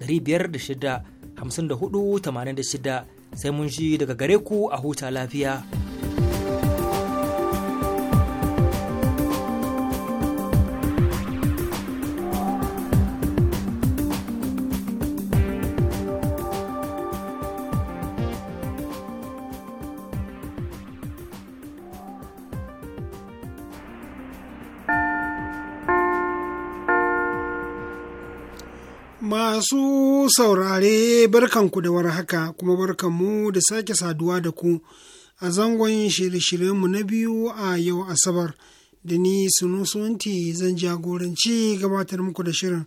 da 86 sai mun shi daga gare ku a huta lafiya. saurare barkanku da warhaka kuma barkanmu da sake saduwa da ku a zangon shirye-shiryenmu na biyu a yau Asabar da ni sunusunti zan jagoranci gabatar muku da shirin.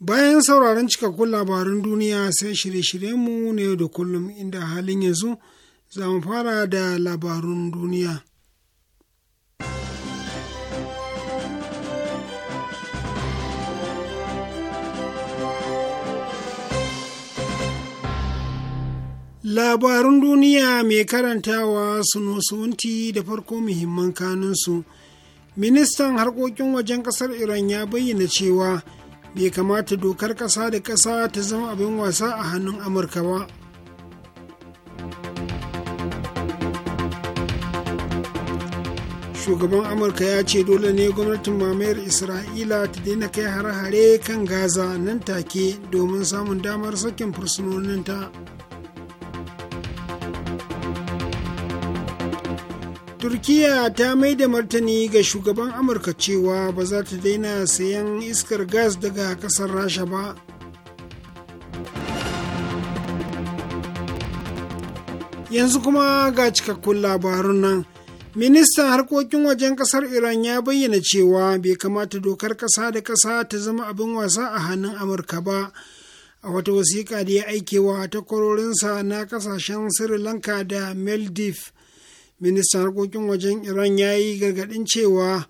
Bayan sauraron cikakkun labarun duniya sai shirye-shiryenmu na yau da kullum inda halin yanzu za mu fara da labarun duniya. Labarun duniya mai karantawa suno suwanti da farko muhimman kanunsu. Ministan harkokin wajen ƙasar Iran ya bayyana cewa bai kamata dokar ƙasa da ƙasa ta zama abin wasa a hannun Amurka ba. Shugaban Amurka ya ce dole ne gwamnatin mamayar Isra'ila ta daina kai hare-hare kan Gaza nan take domin samun damar sakin fursunoninta. ta. turkiya ta mai da martani ga shugaban amurka cewa ba za ta daina sayan iskar gas daga kasar rasha ba yanzu kuma ga cikakkun labarun nan ministan harkokin wajen kasar iran ya bayyana cewa bai kamata dokar kasa da kasa ta zama abin wasa a hannun amurka ba a wata wasiƙa da ya aikewa takwarorinsa na kasashen sri lanka da maldives ministan harkokin wajen iran ya yi gargaɗin cewa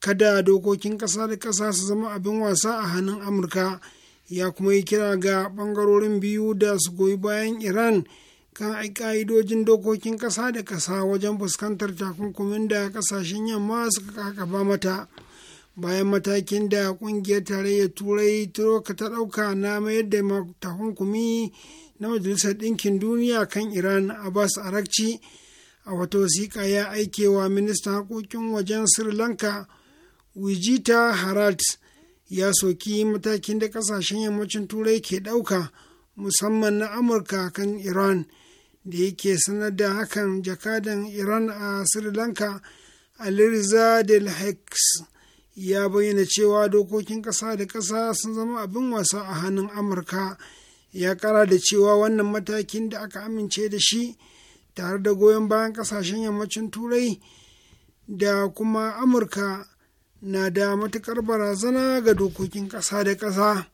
kada dokokin ƙasa da ƙasa su zama abin wasa a hannun amurka ya kuma yi kira ga ɓangarorin biyu da su goyi bayan iran kan ƙa'idojin dokokin ƙasa da ƙasa wajen fuskantar takunkumin da ƙasashen yamma suka kakaba mata bayan matakin da ƙungiyar tarayyar turai turoka ta ɗauka na mayar da takunkumi na majalisar ɗinkin duniya kan iran abbas arakci a wata wasiƙa ya aikewa ministan haƙoƙin wajen sri lanka wijita harat ya soki matakin da ƙasashen yammacin turai ke ɗauka musamman na amurka kan iran da yake sanar da hakan jakadan iran a sri lanka alirza del hicks ya bayyana cewa dokokin ƙasa da ƙasa sun zama abin wasa a hannun amurka ya kara da cewa wannan matakin da aka amince da shi tare da goyon bayan kasashen yammacin turai da kuma amurka na da matukar barazana ga dokokin ƙasa da ƙasa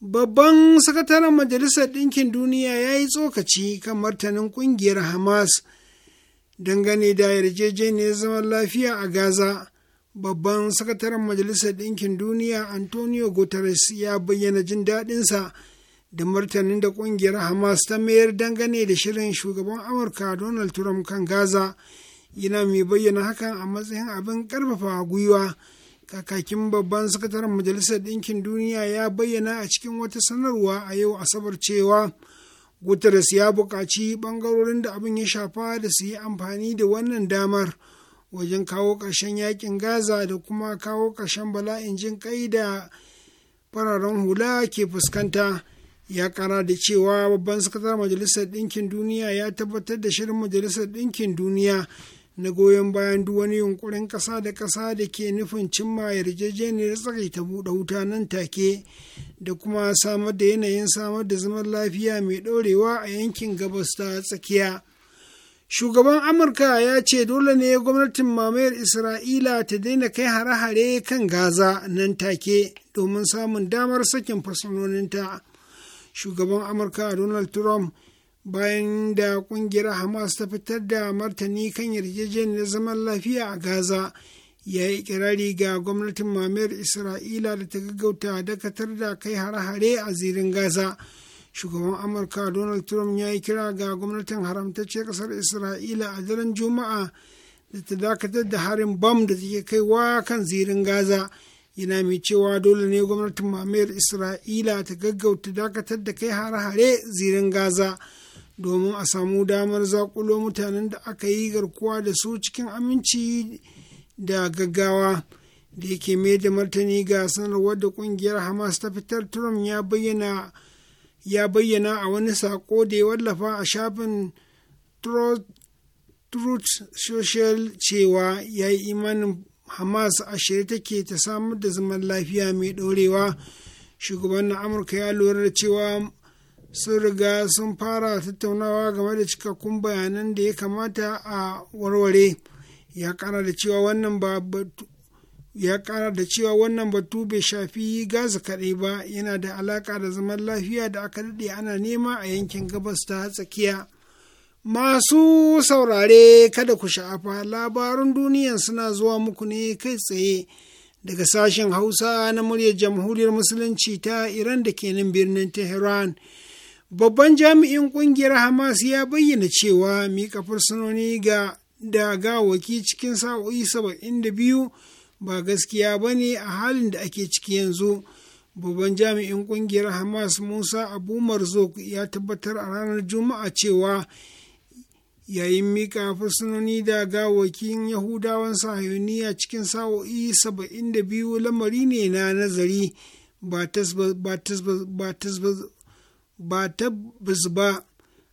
babban sakataren majalisar ɗinkin duniya ya yi tsokaci kan martanin ƙungiyar hamas dangane da yarjejeniyar zaman lafiya a gaza babban sakataren majalisar ɗinkin duniya antonio guterres ya bayyana jin daɗinsa da martanin da kungiyar hamas ta mayar dangane da shirin shugaban amurka donald trump kan gaza yana mai bayyana hakan a matsayin abin karfafa gwiwa kakakin babban sakataren majalisar ɗinkin duniya ya bayyana a cikin wata sanarwa a yau asabar cewa guterres ya buƙaci ɓangarorin da abin ya shafa da su yi amfani da wannan damar wajen kawo ƙarshen yakin gaza da kuma kawo ƙarshen bala'in jin ƙai da fararen hula ke fuskanta ya kara da cewa babban sakatar majalisar ɗinkin duniya ya tabbatar da shirin majalisar ɗinkin duniya na goyon bayan duk wani yunkurin ƙasa da ƙasa da ke nufin cimma yarjejeniyar ta buɗe wuta nan take da kuma samar da yanayin samar da zaman lafiya mai ɗorewa a yankin gabas ta tsakiya shugaban amurka ya ce dole ne gwamnatin mamayar isra'ila ta daina kai hare-hare kan gaza nan take domin samun damar sakin fursunoninta. shugaban amurka donald trump bayan da kungiyar hamas ta fitar da martani kan yarjejeniyar zaman lafiya a gaza ya yi kirari ga gwamnatin mamayar isra'ila da ta gaggauta dakatar da kai hare-hare a zirin gaza shugaban amurka donald trump ya yi kira ga gwamnatin haramtacce kasar isra'ila a daren juma'a da ta dakatar da harin bam da take kaiwa kan zirin gaza. yana mai cewa dole ne gwamnatin mamayar isra'ila ta gaggauta dakatar da kai hare-hare zirin gaza domin a samu damar zakulo mutanen da aka yi garkuwa da su cikin aminci da gaggawa da yake mai da martani ga sanarwar da kungiyar hamas ta fitar trump ya bayyana ya bayyana a wani sako da ya wallafa a shafin truth social cewa ya yi imanin hamas a shirye take ta samar da zaman lafiya mai ɗorewa shugaban amurka ya lura da cewa sun riga sun fara tattaunawa game da cikakkun bayanan da ya kamata a warware ya kara da cewa wannan ba ya kara da cewa wannan batu bai shafi gaza kaɗai ba yana da alaƙa da zaman lafiya da aka daɗe ana nema a yankin gabas ta tsakiya Masu saurare kada ku sha'afa labarun duniya suna zuwa muku ne kai tsaye daga sashen Hausa na muryar Jamhuriyar Musulunci ta Iran da ke nan birnin Tehran. Babban jami'in ƙungiyar Hamas ya bayyana cewa miƙa fursunoni ga da gawaki cikin sa'o'i saba'in da biyu ba gaskiya ba ne a halin da ake ciki yanzu. Babban jami'in ƙungiyar Hamas Musa Abu Marzok ya tabbatar a ranar Juma'a cewa. yayin mika fursunoni da gawakin yahudawan sahiyoniya cikin sa'o'i saba'in da biyu lamari ne na nazari ba tabbas ba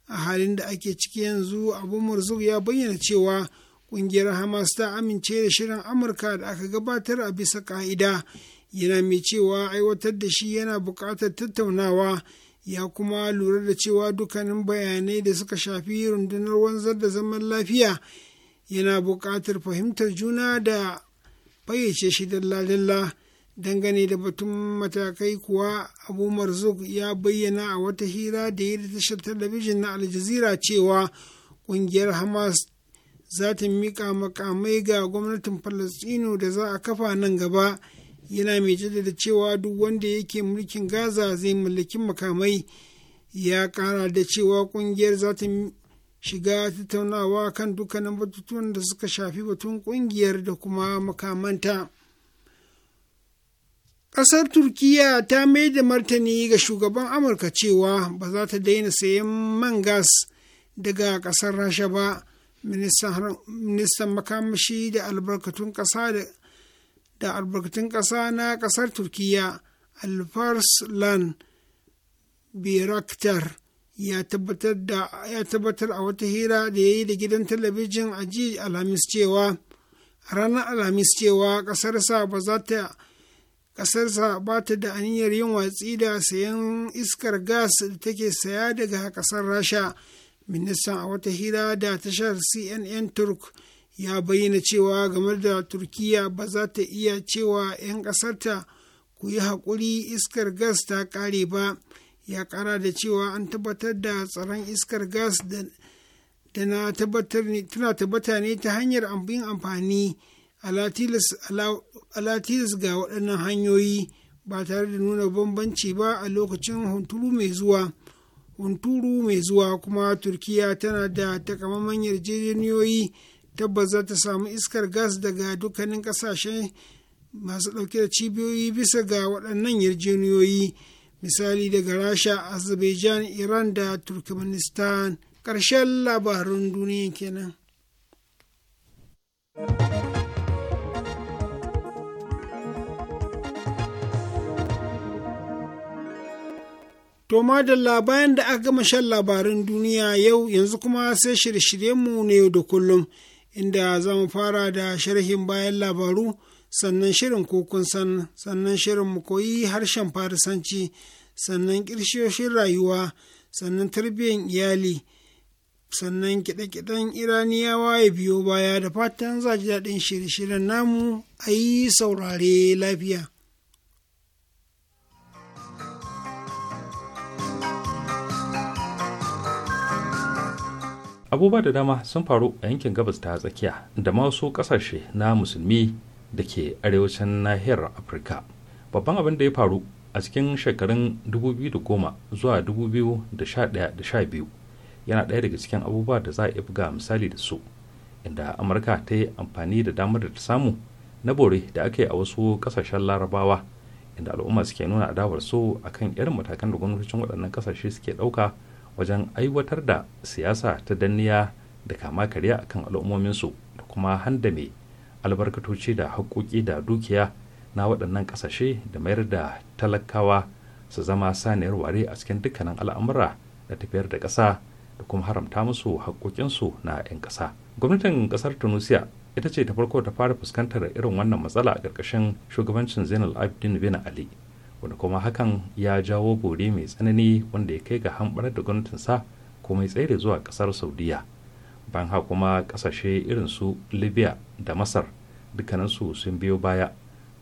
a halin da ake ciki yanzu abu murzuk ya bayyana cewa kungiyar hamas ta amince da shirin amurka da aka gabatar a bisa ka'ida yana mai cewa aiwatar da shi yana buƙatar tattaunawa ya kuma lura da cewa dukkanin bayanai da suka shafi rundunar wanzar da zaman lafiya yana buƙatar fahimtar juna da fayyace shi dalla-dalla dangane da batun matakai kuwa abu marzuk ya bayyana a wata hira da ya tashar talabijin na aljazira cewa ƙungiyar hamas za ta miƙa makamai ga gwamnatin falastino da za a kafa nan gaba yana mai jaddada cewa duk wanda yake mulkin gaza zai mallaki makamai ya kara da cewa kungiyar za ta shiga tattaunawa kan dukkanin batutuwan da suka shafi batun kungiyar da kuma makamanta ƙasar turkiya ta mai da martani ga shugaban amurka cewa ba za ta daina sayan man gas daga ƙasar rasha ba ministan makamashi da albarkatun ƙasa da da albarkatun ƙasa na ƙasar turkiya alfarslan biraktar ya tabbatar a wata hira da ya yi da gidan talabijin a ji alhamis cewa ranar alhamis cewa ƙasarsa ba za ta ƙasarsa ba ta da aniyar yin watsi da sayan iskar gas da take saya daga ƙasar rasha ministan a wata hira da tashar cnn turk ya bayyana cewa game da turkiya ba za ta iya cewa 'yan ƙasarta ku yi haƙuri iskar gas ta ƙare ba ya ƙara da cewa an tabbatar da tsaron iskar gas da na tana ne ta hanyar yin amfani latilis ga waɗannan hanyoyi ba tare da nuna bambanci ba a lokacin hunturu mai zuwa hunturu mai zuwa kuma turkiya tana da takamaman yarjejeniyoyi tabbas za ta samu iskar gas daga dukkanin kasashe masu ɗauke da cibiyoyi bisa ga waɗannan yarjejeniyoyi misali daga rasha azerbaijan iran da turkmenistan ƙarshen labarin duniya kenan. To da bayan da aka gama shan labarin duniya yau yanzu kuma sai shirye-shiryenmu na yau da kullum inda za mu fara da sharhin bayan labaru sannan shirin kokun san sannan shirin mu koyi harshen farisanci sannan kirshiyoshin rayuwa sannan tarbiyyar iyali sannan kiɗe-kiɗen iraniyawa ya biyo baya da fatan za ji daɗin shirye-shiryen namu a yi saurare lafiya. abubuwa da dama sun faru a yankin gabas ta tsakiya da masu kasashe na musulmi da ke arewacin nahiyar afirka babban abin da ya faru a cikin shekarun 2010 zuwa 2011-12 yana ɗaya daga cikin abubuwa da za a iya buga misali da su inda amurka ta yi amfani da damar da ta samu na bore da aka yi a wasu kasashen larabawa inda al'umma suke nuna adawar su akan irin matakan da gwamnatocin waɗannan kasashe suke ɗauka wajen aiwatar da siyasa ta danniya da kama karya akan al'ummominsu da kuma handame albarkatoci da haƙoƙi da dukiya na waɗannan ƙasashe da mayar da talakawa su zama saniyar ware a cikin dukkanin al'amura da tafiyar da ƙasa da kuma haramta musu haƙoƙinsu na 'yan ƙasa gwamnatin ƙasar tunisia ita ce ta farko ta fara fuskantar irin wannan matsala a ƙarƙashin shugabancin zainal abidin bin ali wanda kuma hakan ya jawo bore mai tsanani wanda ya kai ga hambar da gwamnatinsa kuma ya tsere zuwa ƙasar saudiya ban ha kuma kasashe irin su libya da masar dukkaninsu sun biyo baya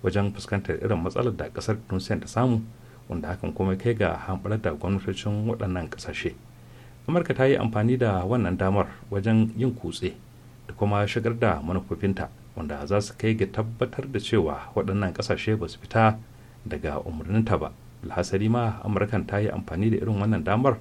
wajen fuskantar irin matsalar da kasar tunisiya ta samu wanda hakan kuma kai ga hambar da gwamnatocin waɗannan ƙasashe amurka ta yi amfani da wannan damar wajen yin kutse da kuma shigar da manufofinta wanda za su kai ga tabbatar da cewa waɗannan ƙasashe ba su fita daga umarninta ba alhasari ma amurkan ta yi amfani da irin wannan damar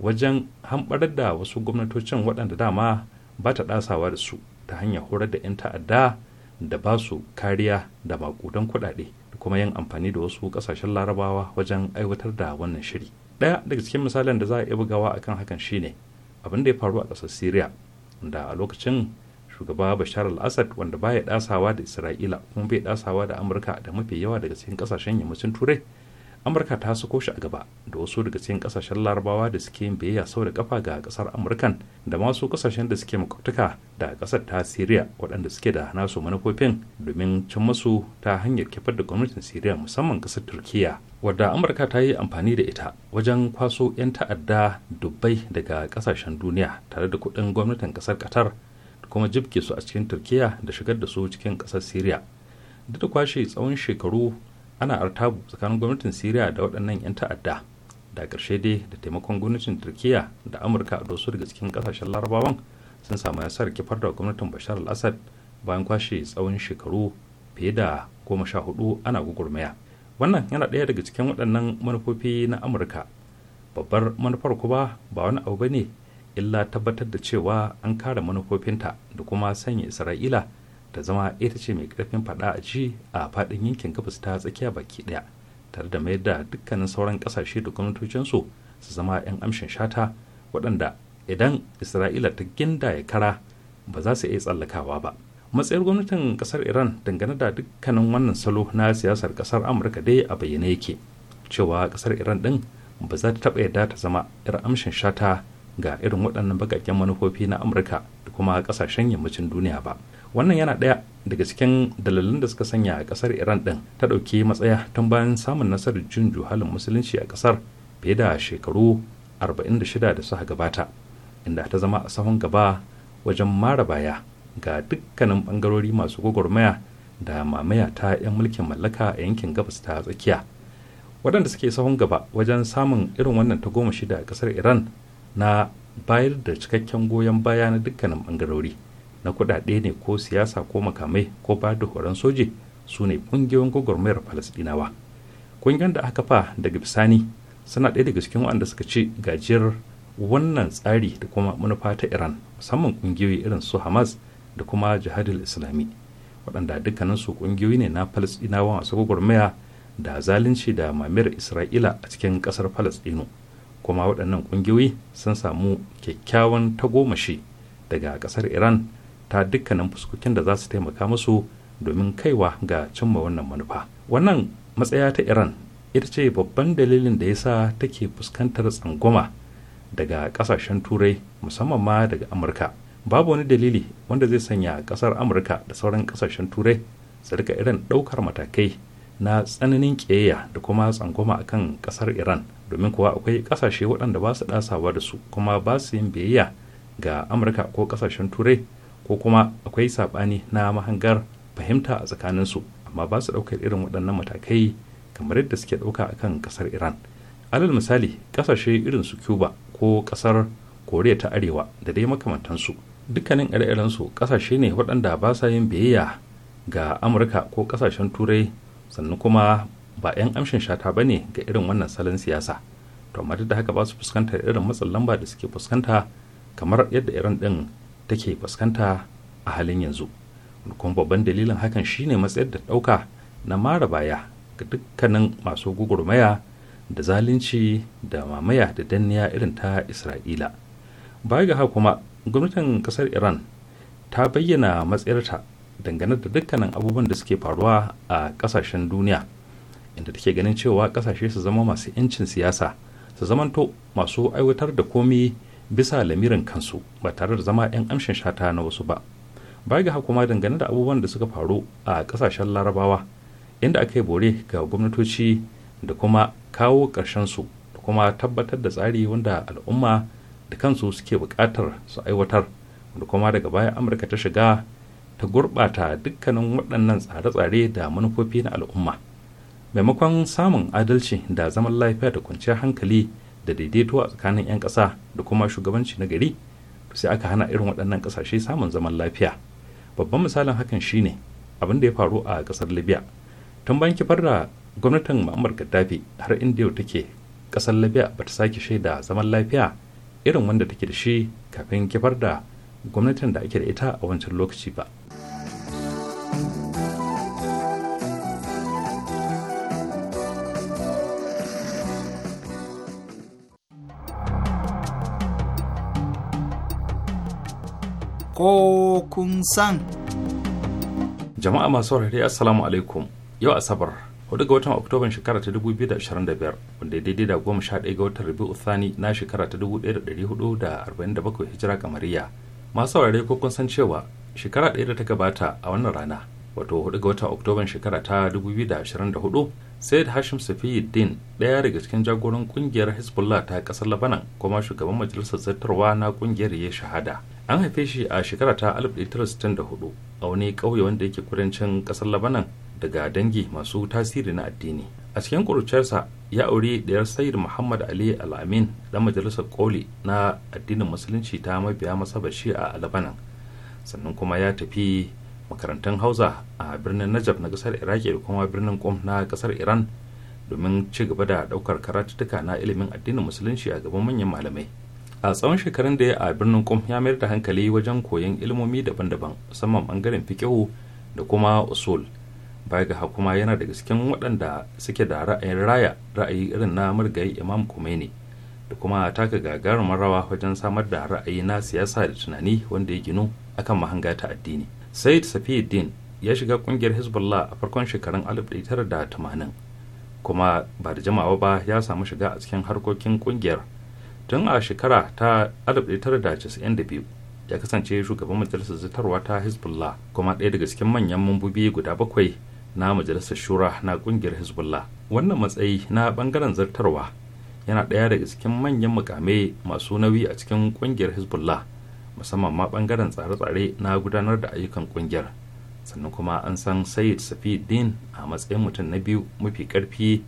wajen hamɓarar da wasu gwamnatocin waɗanda dama ba ta ɗasawa da su ta hanyar horar da 'yan ta'adda da ba su kariya da makudan kuɗaɗe da kuma yin amfani da wasu ƙasashen larabawa wajen aiwatar da wannan shiri ɗaya daga cikin misalin da za a iya bugawa akan hakan shine abin da ya faru a ƙasar syria da a lokacin shugaba bashar al-assad wanda baya dasawa da isra'ila kuma bai dasawa da amurka da mafi yawa daga cikin kasashen yammacin turai amurka ta sako shi a gaba da wasu daga cikin kasashen larabawa da suke yin biyayya sau da kafa ga kasar amurkan da masu kasashen da suke makwabtaka da kasar ta syria waɗanda suke da nasu manufofin domin cin masu ta hanyar kifar da gwamnatin siriya musamman kasar turkiya wadda amurka ta yi amfani da ita wajen kwaso 'yan ta'adda dubbai daga kasashen duniya tare da kuɗin gwamnatin kasar qatar kuma jibge su a cikin turkiya da shigar da su cikin kasar syria duk da kwashe tsawon shekaru ana artabu tsakanin gwamnatin syria da waɗannan 'yan ta'adda da ƙarshe dai da taimakon gwamnatin turkiya da amurka a dosu daga cikin ƙasashen larabawan sun samu nasarar kifar da gwamnatin bashar al-assad bayan kwashe tsawon shekaru fiye da goma sha hudu ana gugurmaya wannan yana ɗaya daga cikin waɗannan manufofi na amurka babbar manufar kuma ba wani abu ba ne illa tabbatar da cewa an kare manufofinta da kuma sanya isra'ila ta zama ita ce mai karfin fada a ci a fadin yankin gabas ta tsakiya baki daya tare da mayar da dukkanin sauran kasashe da gwamnatocinsu su zama 'yan amshin shata waɗanda idan isra'ila ta ginda ya kara ba za su iya tsallakawa ba matsayar gwamnatin kasar iran dangane da dukkanin wannan salo na siyasar kasar amurka dai a bayyane yake cewa kasar iran din ba za ta taɓa yarda ta zama 'yar amshin shata ga irin waɗannan bakakken manufofi na amurka da kuma ƙasashen yammacin duniya ba wannan yana ɗaya daga cikin dalilin da suka sanya a ƙasar iran ɗin ta ɗauki matsaya tun bayan samun nasarar jin juhalin musulunci a ƙasar fiye da shekaru 46 da suka gabata inda ta zama a sahun gaba wajen mara baya ga dukkanin ɓangarori masu gwagwarmaya da mamaya ta 'yan mulkin mallaka a yankin gabas ta tsakiya waɗanda suke sahun gaba wajen samun irin wannan ta goma shida a ƙasar iran na bayar da cikakken goyon baya na dukkanin bangarori na kudade ne ko siyasa ko makamai ko ba da horon soji su ne kungiyoyin gwagwarmayar falasdinawa kungiyar da aka fa daga bisani suna ɗaya daga cikin waɗanda suka ci gajiyar wannan tsari da kuma manufa ta iran musamman kungiyoyi irin su hamas da kuma jihadul islami waɗanda su kungiyoyi ne na falasdinawa masu gwagwarmaya da zalunci da mamayar isra'ila a cikin ƙasar falasdino kuma waɗannan ƙungiyoyi sun samu kyakkyawan tagomashi daga ƙasar iran ta dukkanin fuskokin da za su taimaka musu domin kaiwa ga cimma wannan manufa wannan matsaya ta iran ita ce babban dalilin da ya sa take fuskantar tsangwama daga ƙasashen turai musamman ma daga amurka babu wani dalili wanda zai sanya ƙasar amurka da sauran ƙasashen turai su rika irin ɗaukar matakai na tsananin ƙeya da kuma tsangwama kan ƙasar iran domin kuwa akwai ƙasashe waɗanda ba su ɗasawa da su kuma ba su yin biyayya ga amurka ko ƙasashen turai ko kuma akwai saɓani na mahangar fahimta a tsakaninsu amma ba su ɗaukar irin waɗannan matakai kamar yadda suke ɗauka a kan ƙasar iran alal misali ƙasashe irin su cuba ko ƙasar koriya ta arewa da dai makamantansu dukkanin ire-irensu ƙasashe ne waɗanda ba sa yin biyayya ga amurka ko ƙasashen turai sannan kuma ba 'yan amshin shata ba ne ga irin wannan salon siyasa to amma da haka ba su fuskantar irin matsin lamba da suke fuskanta kamar yadda iran din take fuskanta a halin yanzu kuma babban dalilin hakan shine matsayar da ɗauka na mara baya ga dukkanin masu gugurmaya da zalunci da mamaya da danniya irin ta isra'ila baya ga haka kuma gwamnatin kasar iran ta bayyana matsayarta dangane da dukkanin abubuwan da suke faruwa a kasashen duniya inda take ganin cewa kasashe su zama masu 'yancin siyasa su zamanto masu aiwatar da komi bisa lamirin kansu ba tare da zama 'yan amshin shata na wasu ba baya ga kuma dangane da abubuwan da suka faru a kasashen larabawa inda aka yi bore ga gwamnatoci da kuma kawo su da kuma tabbatar da tsari wanda al'umma da kansu suke buƙatar su aiwatar da kuma daga baya amurka ta shiga ta gurɓata dukkanin waɗannan tsare-tsare da manufofi na al'umma maimakon samun adalci da zaman lafiya da kwanciyar hankali da daidaito a tsakanin 'yan ƙasa da kuma shugabanci na gari sai aka hana irin waɗannan ƙasashe samun zaman lafiya babban misalin hakan shine abin da ya faru a ƙasar libya tun bayan kifar da gwamnatin muammar gaddafi har inda yau take ƙasar libya ba ta sake shaida zaman lafiya irin wanda take da shi kafin kifar da gwamnatin da ake da ita a wancan lokaci ba ko kun san. Jama'a masu saurare Assalamu alaikum yau Asabar hudu ga watan Oktoban shekara ta 2025 wanda daidai da goma sha ɗaya ga watan Rabi'u Thani na shekara ta 1447 hijira kamariya. Masu saurare ko kun san cewa shekara ɗaya da ta gabata a wannan rana wato hudu ga watan Oktoban shekara ta 2024 Said Hashim Din, ɗaya daga cikin jagoran kungiyar Hezbollah ta ƙasar Labanan kuma shugaban majalisar zartarwa na kungiyar ya shahada. an haife shi a shekara ta 1964 a wani ƙauye wanda yake kudancin ƙasar labanan daga dangi masu tasiri na addini a cikin ƙuruciyarsa ya aure ɗayar sayyid muhammad ali al al'amin ɗan majalisar koli na addinin musulunci ta mabiya masabar shi'a a labanan sannan kuma ya tafi makarantun hausa a birnin najaf na kasar iraki da kuma birnin kom na kasar iran domin ci gaba da ɗaukar karatuttuka na ilimin addinin musulunci a gaban manyan malamai a tsawon shekarun da ya a birnin kum ya mayar da hankali wajen koyon ilmomi daban-daban musamman bangaren fikihu da kuma usul baya ga hakuma yana daga cikin waɗanda suke da ra'ayin raya ra'ayi irin na marigayi imam Khomeini da kuma taka gagarumar rawa wajen samar da ra'ayi na siyasa da tunani wanda ya ginu akan mahanga ta addini said safiuddin ya shiga kungiyar hezbollah a farkon shekarun 1980 kuma ba da jimawa ba ya samu shiga a cikin harkokin kungiyar tun a shekara ta 1992 ya kasance shugaban majalisar zitarwa ta hezbollah kuma ɗaya daga cikin manyan mambobi guda bakwai na majalisar shura na ƙungiyar hezbollah wannan matsayi na ɓangaren zartarwa yana ɗaya daga cikin manyan mukame masu nauyi a cikin ƙungiyar hezbollah musamman ma ɓangaren tsare-tsare na gudanar da ayyukan ƙungiyar sannan kuma an san sayid safi din a matsayin mutum na biyu mafi ƙarfi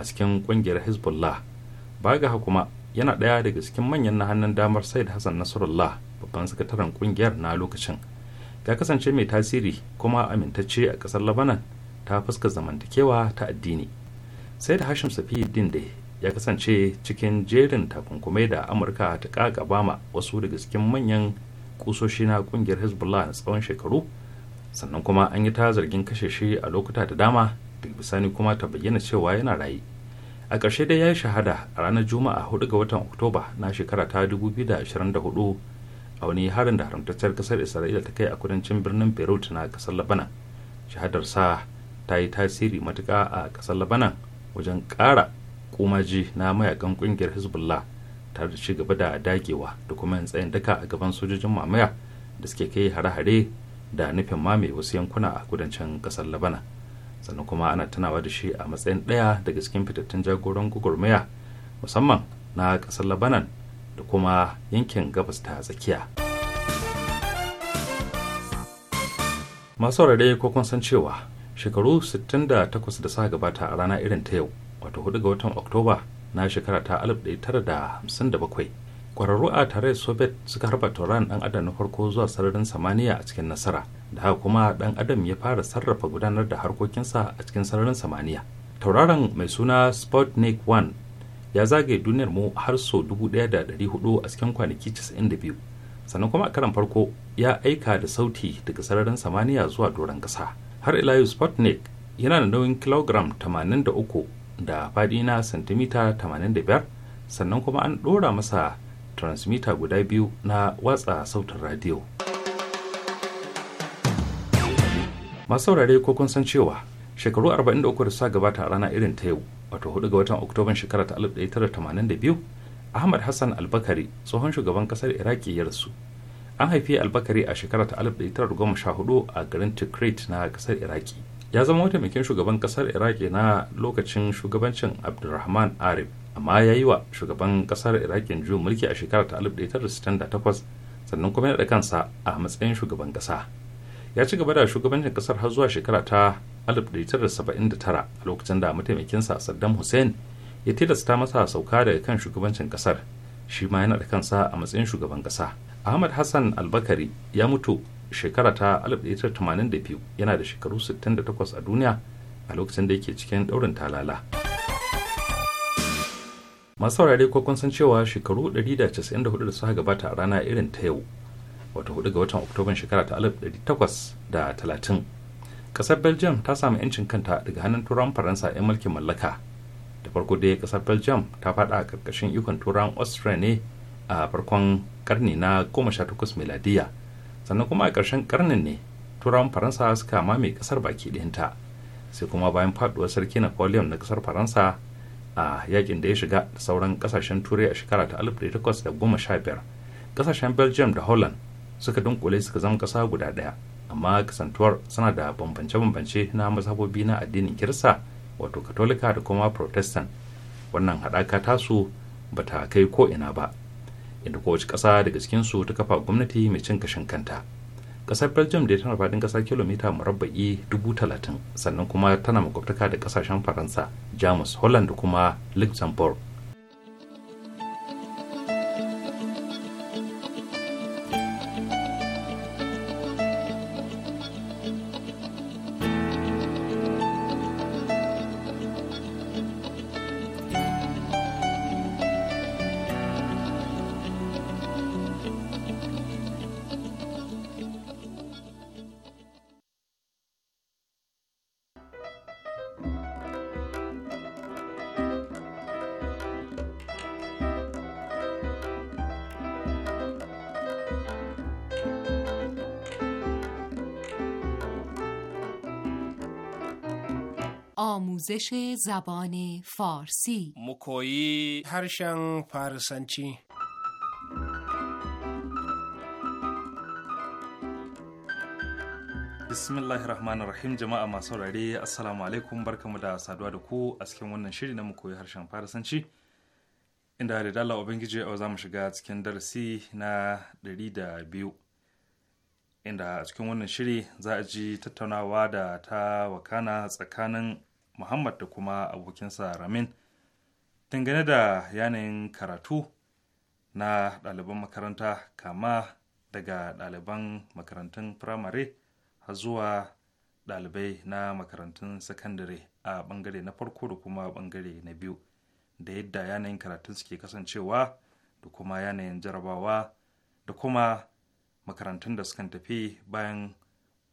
a cikin ƙungiyar hezbollah ba ga kuma yana ɗaya daga cikin manyan na hannun damar said hassan nasarullah babban sakataren kungiyar na lokacin ya kasance mai tasiri kuma amintacce a ƙasar labanan ta fuska zamantakewa ta addini sai da hashim safiuddin da ya kasance cikin jerin takunkumai da amurka ta bama wasu daga cikin manyan ƙusoshi na ƙungiyar hezbollah na tsawon shekaru sannan kuma an yi ta zargin kashe shi a lokuta da dama daga bisani kuma ta bayyana cewa yana raye a ƙarshe dai ya yi shahada a ranar juma'a 4 ga watan oktoba na shekara ta 2024 a wani harin da haramtacciyar ƙasar isra'ila ta kai a kudancin birnin beirut na ƙasar labanan shahadar sa ta yi tasiri matuka a ƙasar labanan wajen ƙara kumaji na mayakan ƙungiyar hezbollah tare da ci gaba da dagewa da kuma yin tsayin daka a gaban sojojin mamaya da suke kai hare-hare da nufin mame wasu yankuna a kudancin ƙasar labanan sannan kuma ana tunawa da shi a matsayin ɗaya daga cikin fitattun jagoran gwagwarmaya musamman na ƙasar labanan da kuma yankin gabas ta tsakiya masu rarrai ko kun san cewa shekaru 68 da suka gabata a rana irin ta yau wato 4 ga watan oktoba na shekara ta 1957 kwararru a tare soviet suka harba tauraron dan adam na farko zuwa sararin samaniya a cikin nasara da haka kuma dan adam ya fara sarrafa gudanar da harkokinsa a cikin sararin samaniya tauraron mai suna sputnik 1 ya zagaye duniyar mu har sau 1400 a cikin kwanaki 92 sannan kuma a karan farko ya aika da sauti daga sararin samaniya zuwa doron kasa. har ila yau sputnik yana da nauyin kilogram 83 da faɗi na santimita 85 sannan kuma an ɗora masa transmitter guda biyu na watsa sautin radiyo. masu saurare ko kun san cewa shekaru 43 da suka gabata a rana irin ta yau wato 4 ga watan oktoban shekara ta 1982 ahmad hassan albakari tsohon shugaban kasar iraki ya rasu an haifi albakari a shekara ta 1914 a garin tikrit na kasar iraki ya zama mataimakin shugaban kasar iraki na lokacin shugabancin abdulrahman arif amma ya yi wa shugaban kasar iraki juyin mulki a shekara ta 1968 sannan kuma ya kansa a matsayin shugaban kasa ya ci gaba da shugabancin kasar har zuwa shekara ta 1979 a lokacin da mataimakinsa saddam hussein ya tilasta masa sauka daga kan shugabancin kasar shi ma yana da kansa a matsayin shugaban kasa ahmad hassan albakari ya mutu shekara ta 1982 yana da shekaru 68 a duniya a lokacin da yake cikin daurin talala masu saurari ko san cewa shekaru 194 da suka gabata a rana irin ta yau wato 4 ga watan oktoban shekara ta talatin kasar belgium ta samu 'yancin kanta daga hannun turawan faransa 'yan mulkin mallaka da farko dai kasar belgium ta fada a karkashin ikon turawan austria ne a farkon karni na 18 miladiya sannan kuma a ƙarshen karnin ne turawan faransa suka mame kasar baki ɗinta sai kuma bayan faduwar sarki napoleon na kasar faransa a yakin da ya shiga da sauran kasashen turai a shekara ta biyar kasashen belgium da holland suka dunkule suka zama ƙasa guda ɗaya amma kasantuwar suna da bambance-bambance na mazhabobi na addinin kirista wato katolika da kuma protestant wannan haɗaka tasu ba ta kai ko ina ba inda kowace ƙasa daga cikinsu ta kafa gwamnati mai cin kashin kanta ƙasar belgium da tana faɗin ƙasar kilomita murabba'i dubu talatin sannan kuma tana makwabtaka da ƙasashen faransa jamus holland da kuma luxembourg آموزش زبان فارسی مکویی هرشن فارسنچی bismillahir rahmanir rahim jama'a masu saurare assalamu alaikum barkamu da saduwa da ku a cikin wannan shiri na mu koyi harshen farasanci inda da dala ubangiji a za mu shiga cikin darasi na ɗari da biyu inda a cikin wannan shiri za a ji tattaunawa da ta wakana tsakanin muhammad da kuma abokinsa ramin dangane da yanayin karatu na ɗaliban makaranta kama daga ɗaliban makarantun firamare har zuwa ɗalibai na makarantun sakandare a ɓangare na farko da kuma ɓangare na biyu da yadda yanayin karatun suke kasancewa da kuma yanayin jarabawa da kuma makarantun da sukan tafi bayan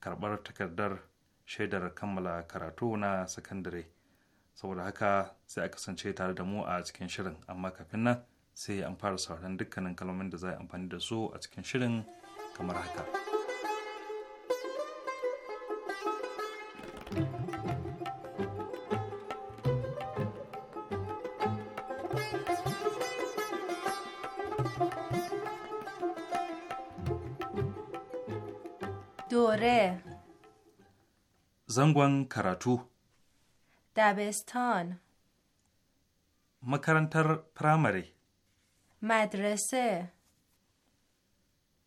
karɓar takardar shaidar kammala karatu na sakandare saboda haka sai a kasance tare da mu a cikin shirin amma kafin nan sai an fara sauran dukkanin kalmomin da za a amfani da su a cikin shirin kamar haka. dore. zangon karatu. Dabestan. Makarantar firamare. Madrasa.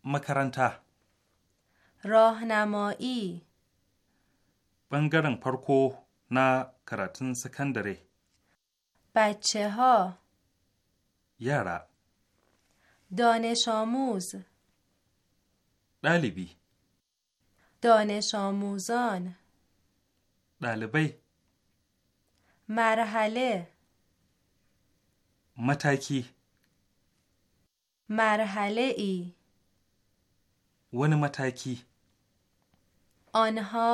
Makaranta. Rahnamai. Bangaren farko na karatun sakandare. Baceho. ha. Yara. دانش آموز Dalibi. دانش آموزان ɗalibai marhale mataki marhale'i wani mataki onha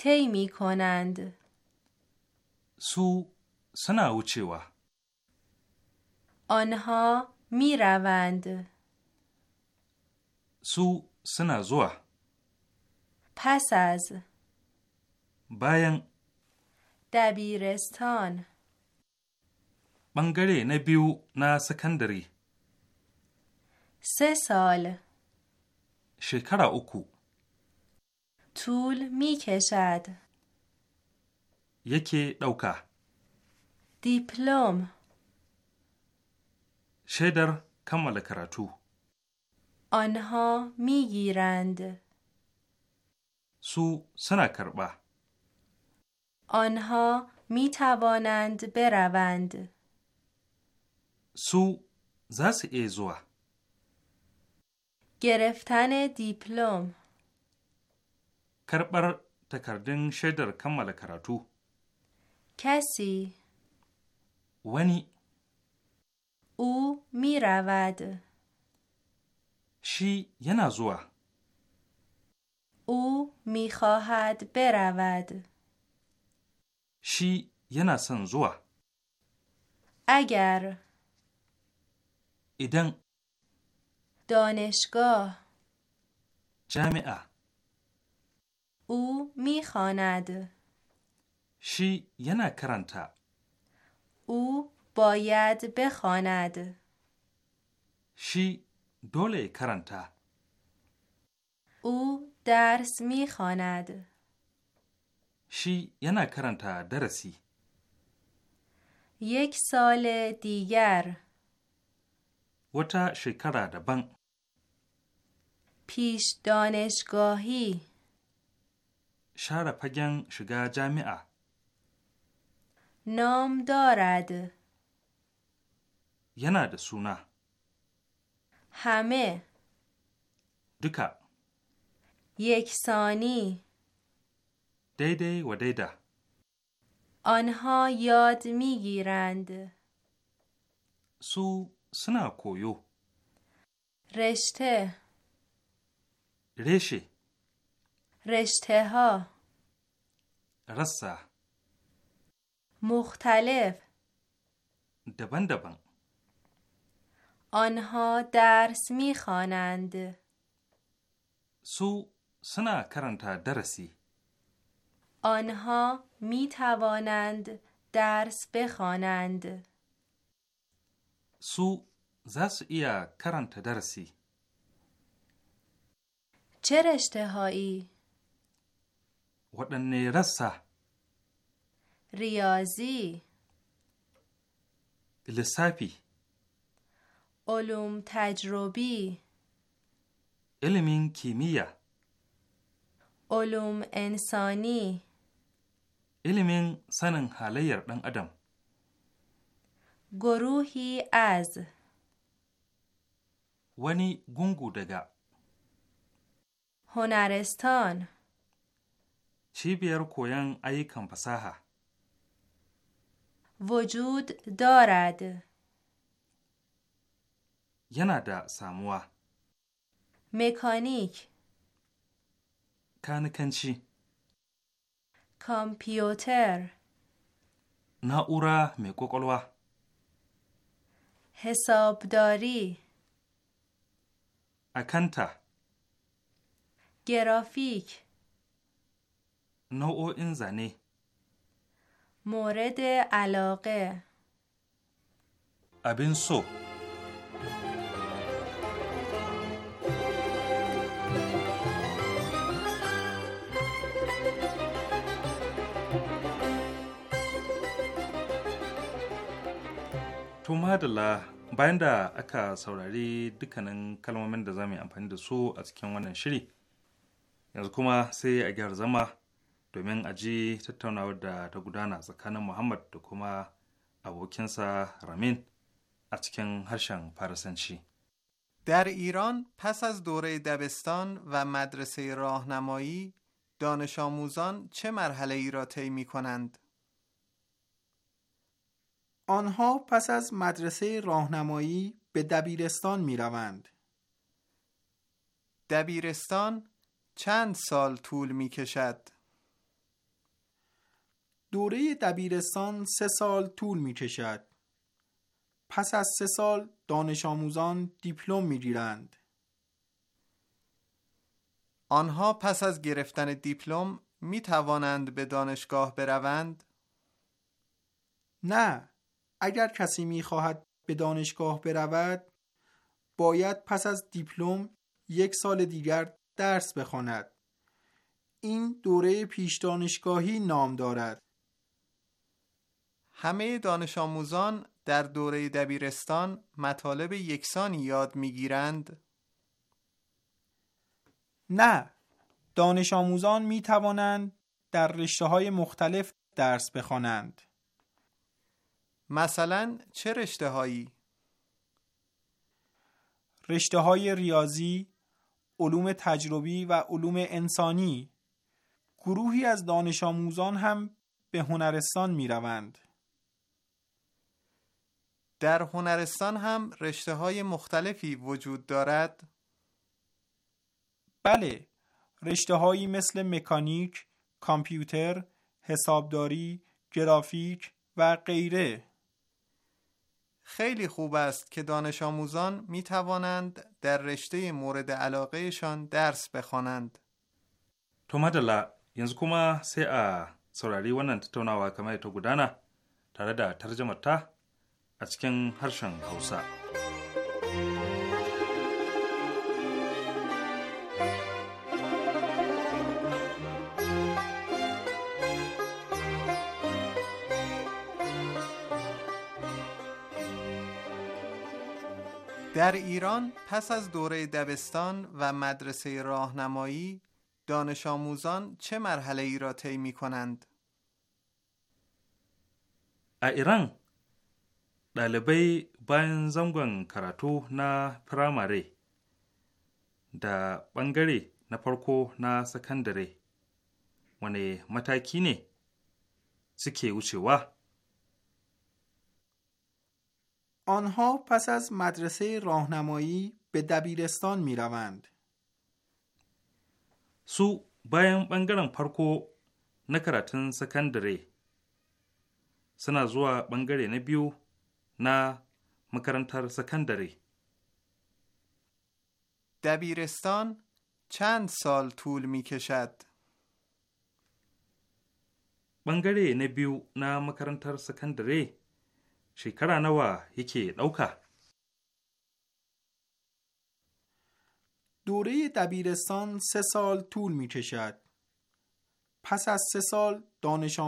taimi konand su suna wucewa onha miravand su suna zuwa Fasas. bayan دبیرستان بنگره نبیو نا سکندری سه سال شکر اوکو طول می کشد یکی دوکا. دیپلوم شدر کمال کراتو آنها می گیرند سو سنا کربه آنها می توانند بروند. سو زس ایزوا؟ گرفتن دیپلم کربر تکردن شیدر کمال کراتو کسی ونی او می رود شی زوا او می خواهد برود شی یه سن زوا اگر ایدن دانشگاه جامعه او میخواند شی یه کرنتا او باید بخاند شی دوله کرنتا او درس میخواند shi yana karanta darasi. Yake sale digar. Wata shekara daban. Pish donishgohi. Share fagen shiga jami'a. Nom dorad. Yana da suna. Hame. Duka. یک سانی دیدی و دیده آنها یاد میگیرند سو سنا کویو رشته رشی رشته ها رسه مختلف دبن دبن آنها درس میخوانند سو سنا کرنتا درسی آنها می توانند درس بخوانند. سو زس ایا کرنت درسی چه رشته هایی؟ ودن ریاضی لسابی علوم تجربی علم کیمیا علوم انسانی ilimin sanin halayyar ɗan adam. Guruhi az Wani gungu daga Honarestan Cibiyar koyon ayyukan fasaha Vujud dorad Yana da samuwa Mekanik Kanikanci کامپیوتر ناورا می حسابداری اکنتا گرافیک او این زنی مورد علاقه ابین da la bayan da aka saurari dukkanin kalmomin da za mu yi amfani da su a cikin wannan shiri yanzu kuma sai a gyara zama domin a ji tattaunawar da ta gudana tsakanin muhammad da kuma abokinsa ramin a cikin harshen farisanci در ایران پس از دوره دبستان و مدرسه راهنمایی دانش آموزان چه مرحله ای را طی می کنند؟ آنها پس از مدرسه راهنمایی به دبیرستان می روند. دبیرستان چند سال طول می کشد؟ دوره دبیرستان سه سال طول می کشد. پس از سه سال دانش آموزان دیپلم می گیرند. آنها پس از گرفتن دیپلم می توانند به دانشگاه بروند؟ نه اگر کسی میخواهد به دانشگاه برود باید پس از دیپلم یک سال دیگر درس بخواند این دوره پیش دانشگاهی نام دارد همه دانش آموزان در دوره دبیرستان مطالب یکسانی یاد میگیرند نه دانش آموزان می توانند در رشته های مختلف درس بخوانند مثلا چه رشته هایی؟ رشته های ریاضی، علوم تجربی و علوم انسانی گروهی از دانش آموزان هم به هنرستان می روند. در هنرستان هم رشته های مختلفی وجود دارد؟ بله، رشته هایی مثل مکانیک، کامپیوتر، حسابداری، گرافیک و غیره. خیلی خوب است که دانش آموزان می توانند در رشته مورد علاقهشان درس بخوانند. تو مدلا ینزو کما سی ا سوراری ونن تتوناوا کما تو گودانا تاره دا ترجمه تا a cikin harshen Hausa. در ایران پس از دوره دبستان و مدرسه راهنمایی دانش آموزان چه مرحله ای را طی می کنند؟ ایران دالبه باین زمگن کراتو نا پراماری دا بانگری نا پرکو نا سکندری ونی متاکینی سکی وچی واه آنها پس از مدرسه راهنمایی به دبیرستان می روند. سو باین بنگرن فرکو نکراتن سکندری سنا زوا بنگره نبیو نا مکرنتر سکندری دبیرستان چند سال طول می کشد؟ بنگره نبیو نا مکرنتر سکندری shekara nawa yake ɗauka? دوره دبیرستان سه سال طول می کشد. پس از سه سال دانش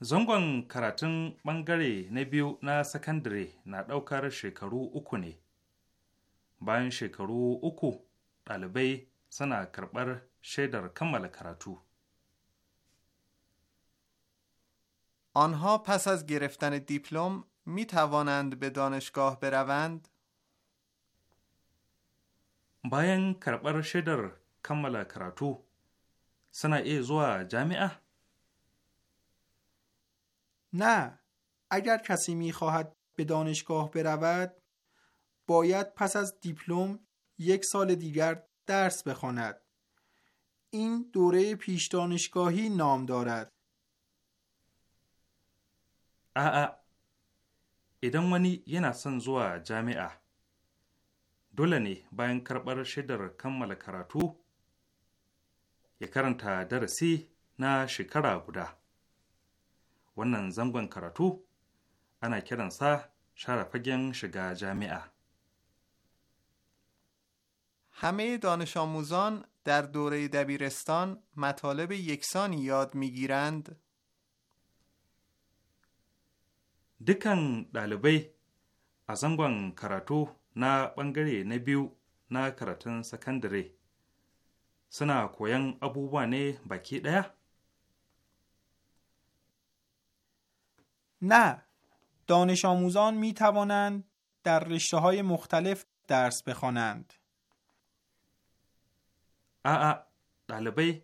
zangon karatun ɓangare na biyu na sakandare na ɗaukar shekaru uku ne bayan shekaru uku ɗalibai suna karɓar shaidar kammala karatu آنها پس از گرفتن دیپلم می توانند به دانشگاه بروند؟ باین کربر شدر kammala کراتو. سنا ای زوا نه اگر کسی میخواهد به دانشگاه برود باید پس از دیپلم یک سال دیگر درس بخواند این دوره پیش دانشگاهی نام دارد a'a idan wani yana son zuwa jami'a dole ne bayan karɓar shaidar kammala karatu ya karanta darasi na shekara guda wannan zangon karatu ana kiransa share fagen shiga jami'a همه دانش آموزان در دوره دبیرستان مطالب یکسانی یاد میگیرند Dukan ɗalibai a zangon karatu na ɓangare na biyu na karatun sakandare suna koyan abubuwa ne baki ɗaya? نه دانش آموزان می توانند در رشته های مختلف درس بخوانند. آ ɗalibai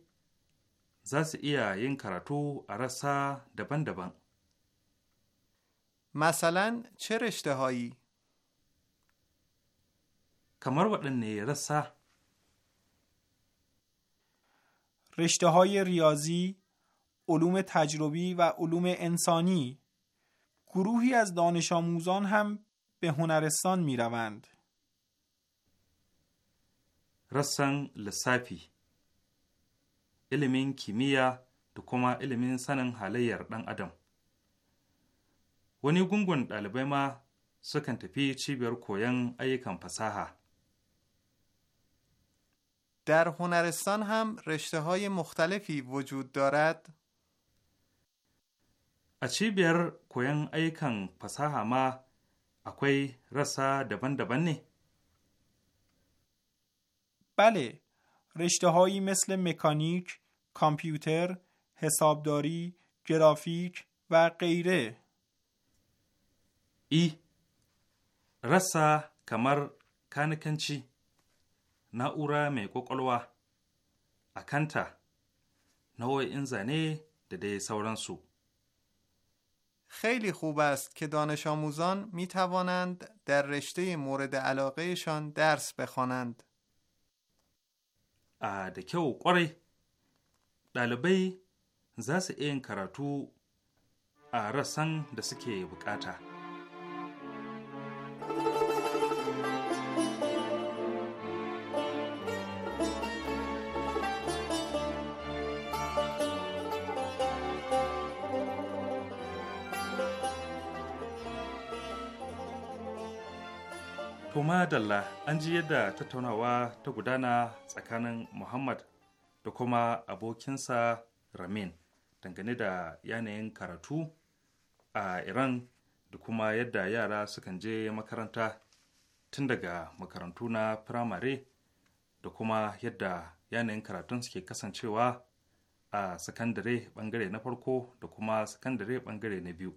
za su iya yin karatu a rasa daban-daban. مثلا چه رشته هایی؟ کمر نه رسه رشته های ریاضی، علوم تجربی و علوم انسانی گروهی از دانش آموزان هم به هنرستان می روند. رسن لسافی علمین کیمیا دو کما علمین سنن دن ادم wani gungun ɗalibai ma sukan tafi cibiyar koyon ayyukan fasaha. در هنرستان هم رشته های مختلفی وجود دارد؟ اچیبیر کوین ایکن پساها ما اکوی رسا دبن دبن نی بله، رشته هایی مثل مکانیک، کامپیوتر، حسابداری، گرافیک و غیره E rasa kamar kanikanci na'ura mai ƙwaƙwalwa a kanta nau'o'in zane da dai sauransu. خیلی خوب است که دانش آموزان می توانند در رشته مورد علاقهشان درس بخوانند. ا da kyau kwarai ɗalibai za su iya karatu a rassan da suke buƙata. Kuma Dalla an ji yadda tattaunawa ta gudana tsakanin Muhammad da kuma abokinsa Ramin dangane da yanayin karatu a Iran da kuma yadda yara sukan je makaranta tun daga makarantu na firamare da kuma yadda yanayin karatun suke kasancewa a sakandare bangare na farko da kuma sakandare bangare na biyu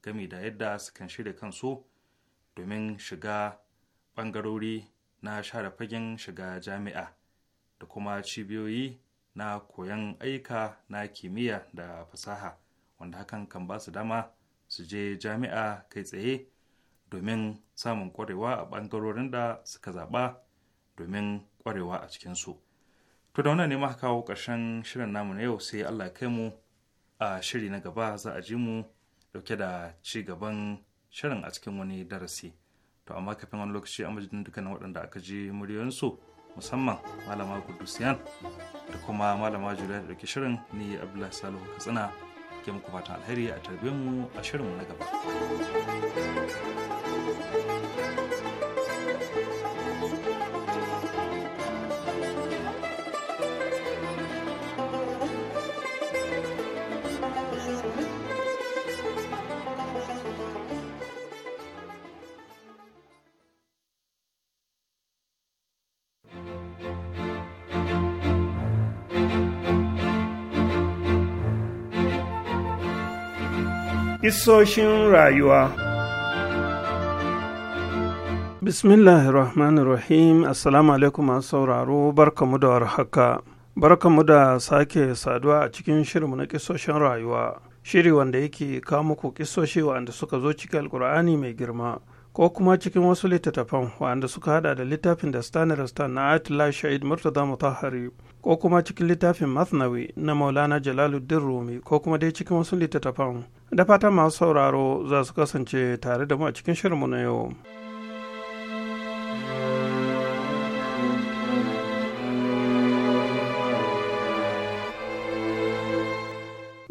gami da yadda sukan shirya kansu domin shiga ɓangarori na share fagen shiga jami'a da kuma cibiyoyi na koyon aika na kimiyya da fasaha wanda hakan kan ba su dama su je jami'a kai tsaye domin samun ƙwarewa a ɓangarorin da suka zaɓa domin ƙwarewa a cikinsu. To da wannan ne ma kawo ƙarshen shirin namu na yau sai Allah kai mu a shiri na gaba za a ji mu dauke da ci gaban shirin a cikin wani darasi. to amma kafin wani lokaci a duka dukkanin waɗanda aka je muryoyinsu musamman malama kudusiyan da kuma malama juliya da ɗauki shirin ni abdullahi salihu katsina ke muku fatan alheri a tarbe mu a shirin na gaba. Isoshin rayuwa Rahim, Assalamu alaikum masu sauraro barkamu da warhaka. Barkamu da sake saduwa a cikin shirinmu na kisoshin rayuwa, shiri wanda yake kawo muku kisoshi wanda suka zo cikin alkur'ani mai girma. ko kuma cikin wasu littattafan waɗanda suka hada da littafin da stanistan na ayatollah shahid murtaza mutahari ko kuma cikin littafin masnawi na maulana jalaluddin rumi ko kuma dai cikin wasu littattafan da fatan masu sauraro za su kasance tare da mu a cikin shirinmu na yau.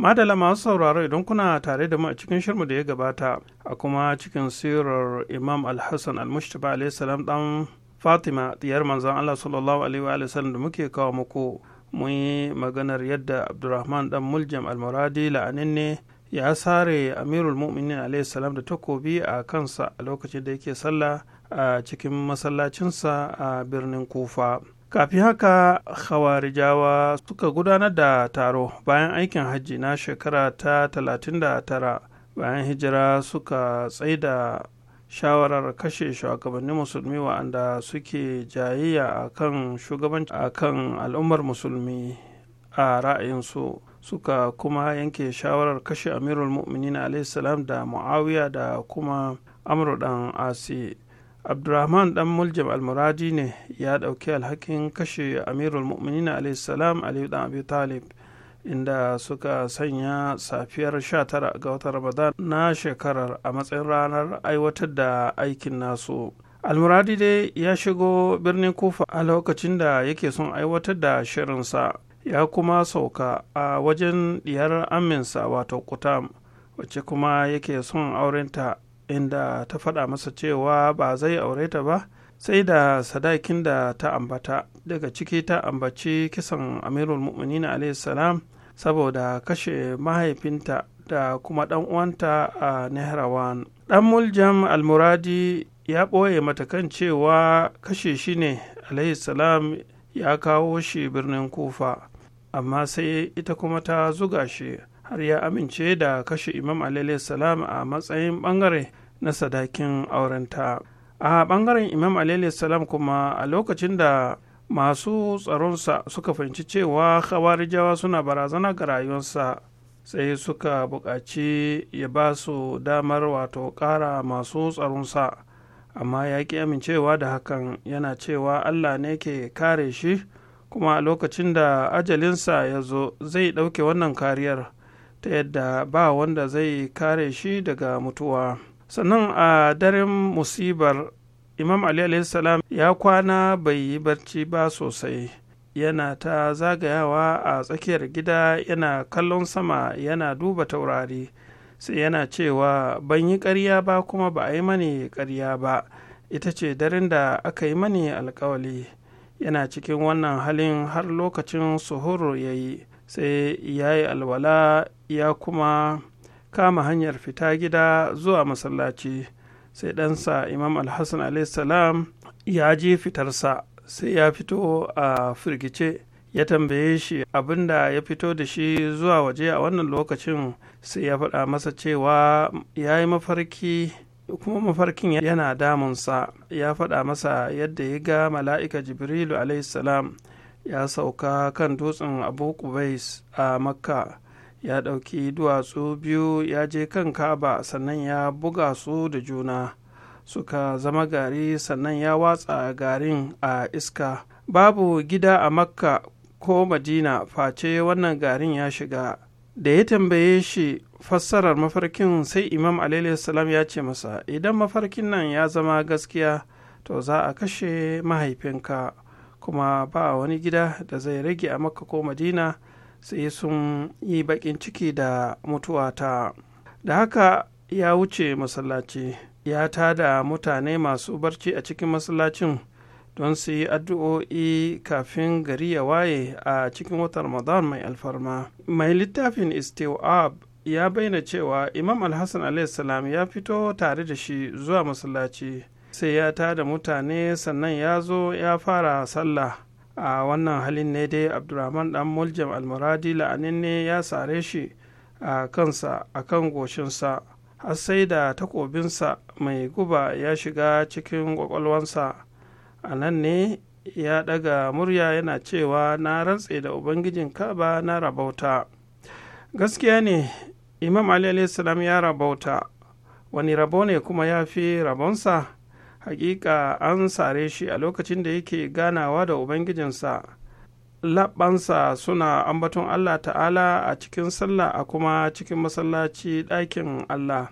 Madala masu sauraro idan kuna tare da mu a cikin shirmu da ya gabata a kuma cikin sirar Imam Al-Hassan al alayhi salam dan Fatima diyar manzon Allah sallallahu alaihi wa sallam da muke kawo muku mun yi maganar yadda abdulrahman dan Muljam Al-Muradi ne ya sare Amirul Mu'minin alayhi da takobi a kansa a lokacin da yake sallah a cikin masallacinsa a birnin Kufa. kafin haka hawarijawa suka gudanar da taro bayan aikin hajji na shekara ta 39 bayan hijira suka tsaida shawarar kashe shugabannin musulmi wa'anda suke jayayya a kan shugabanci a kan al'ummar musulmi a ra'ayinsu suka kuma yanke shawarar kashe amirul mu'minin salam da muawiya da kuma amru dan asi Abdulrahman dan muljam almuradi ne ya ɗauki alhakin kashe amirul mu'minin alayhi salam aliyu dan abi talib inda suka sanya safiyar 19 ga watan ramadan na shekarar a matsayin ranar aiwatar da aikin nasu almuradi dai ya shigo birnin kufa a lokacin da yake son aiwatar da shirinsa ya kuma sauka a wajen diyar aminsa wato kutam wacce kuma yake son aurenta inda ta faɗa masa cewa ba zai aure ta ba sai da sadakin da ta ambata daga ciki ta ambaci kisan amirul mu'minin salam saboda kashe mahaifinta da kuma dan uwanta a nehrawan ɗan muljam almuradi ya ɓoye mata kan cewa kashe shi ne salam ya kawo shi birnin kufa amma sai ita kuma ta zuga shi har ya amince da kashe imam salam a matsayin bangare na sadakin aurenta a bangaren imam salam kuma a lokacin da masu tsaronsa suka fahimci cewa khawarijawa suna barazana ga rayuwarsa sai suka buƙaci ya ba su damar wato ƙara masu tsaronsa amma ya ƙi amincewa da hakan yana cewa allah ne ke kare shi kuma a lokacin da ajalinsa ya zo zai ɗauke wannan kariyar ta yadda ba wanda zai kare shi daga mutuwa sannan a daren musibar imam ali salam ya kwana bai yi barci ba sosai yana ta zagayawa a tsakiyar gida yana kallon sama yana duba taurari sai yana cewa ban yi ƙarya ba kuma ba a yi mani ƙarya ba ita ce daren da aka yi mani alkawali yana cikin wannan halin har lokacin suhur ya yi sai ya yi alwala ya kuma kama hanyar fita gida zuwa masallaci sai ɗansa imam alhassan salam ya ji fitarsa sai ya fito a firgice ya tambaye shi abinda ya fito da shi zuwa waje a wannan lokacin sai ya faɗa masa cewa ya yi mafarki kuma mafarkin yana damunsa ya faɗa masa yadda ya ga mala'ika jibrilu salam ya sauka kan dutsen abu kubais a makka ya ɗauki duwatsu biyu ya je kan kaba sannan ya buga su da juna suka zama gari sannan ya watsa garin a iska babu gida a makka ko madina face wannan garin ya shiga da ya tambaye shi fassarar mafarkin sai imam salam ya ce masa idan mafarkin nan ya zama gaskiya to za a kashe mahaifinka kuma ba wani gida da zai rage a makka ko madina sai sun yi baƙin ciki da mutuwa ta da haka ya wuce masallaci ya tada mutane masu barci a cikin masallacin don su yi addu'o'i kafin gari ya waye a cikin watan ramadan mai alfarma mai littafin istiwab ya bayyana cewa imam alhassan a.s. ya fito tare da shi zuwa masallaci sai ya ta da mutane sannan ya zo ya fara sallah a wannan halin ne dai abdurrahman dan muljam almuradi la'anin ne ya sare shi a kansa a kan goshinsa har sai da takobinsa mai guba ya shiga cikin kwakwalwansa a nan ne ya daga murya yana cewa na rantse da ubangijin kaba na rabauta gaskiya ne imam ali salam ya rabauta wani rabo ne kuma ya fi rabonsa hakika an sare shi a lokacin da yake ganawa da ubangijinsa laɓansa suna ambaton allah ta'ala a cikin sallah a kuma cikin masallaci ɗakin allah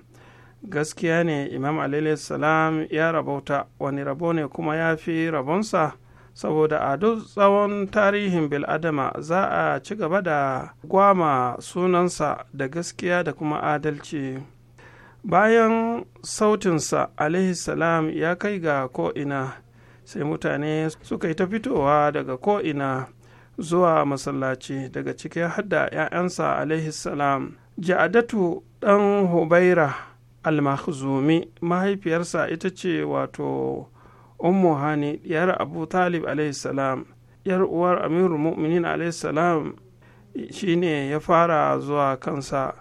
gaskiya ne imam salam ya rabauta wani rabo ne kuma ya fi rabonsa saboda a duk tsawon tarihin bil'adama za a ci gaba da gwama sunansa da gaskiya da kuma adalci bayan sautinsa salam ya kai ga ko'ina sai mutane suka yi ta fitowa daga ko'ina zuwa masallaci daga cikin hadda 'ya'yansa salam ja'adatu ɗan hubaira almahzumi mahaifiyarsa ita ce wato ummu hani ɗiyar abu talib salam yar uwar amiru mu'minin salam shine ya fara zuwa kansa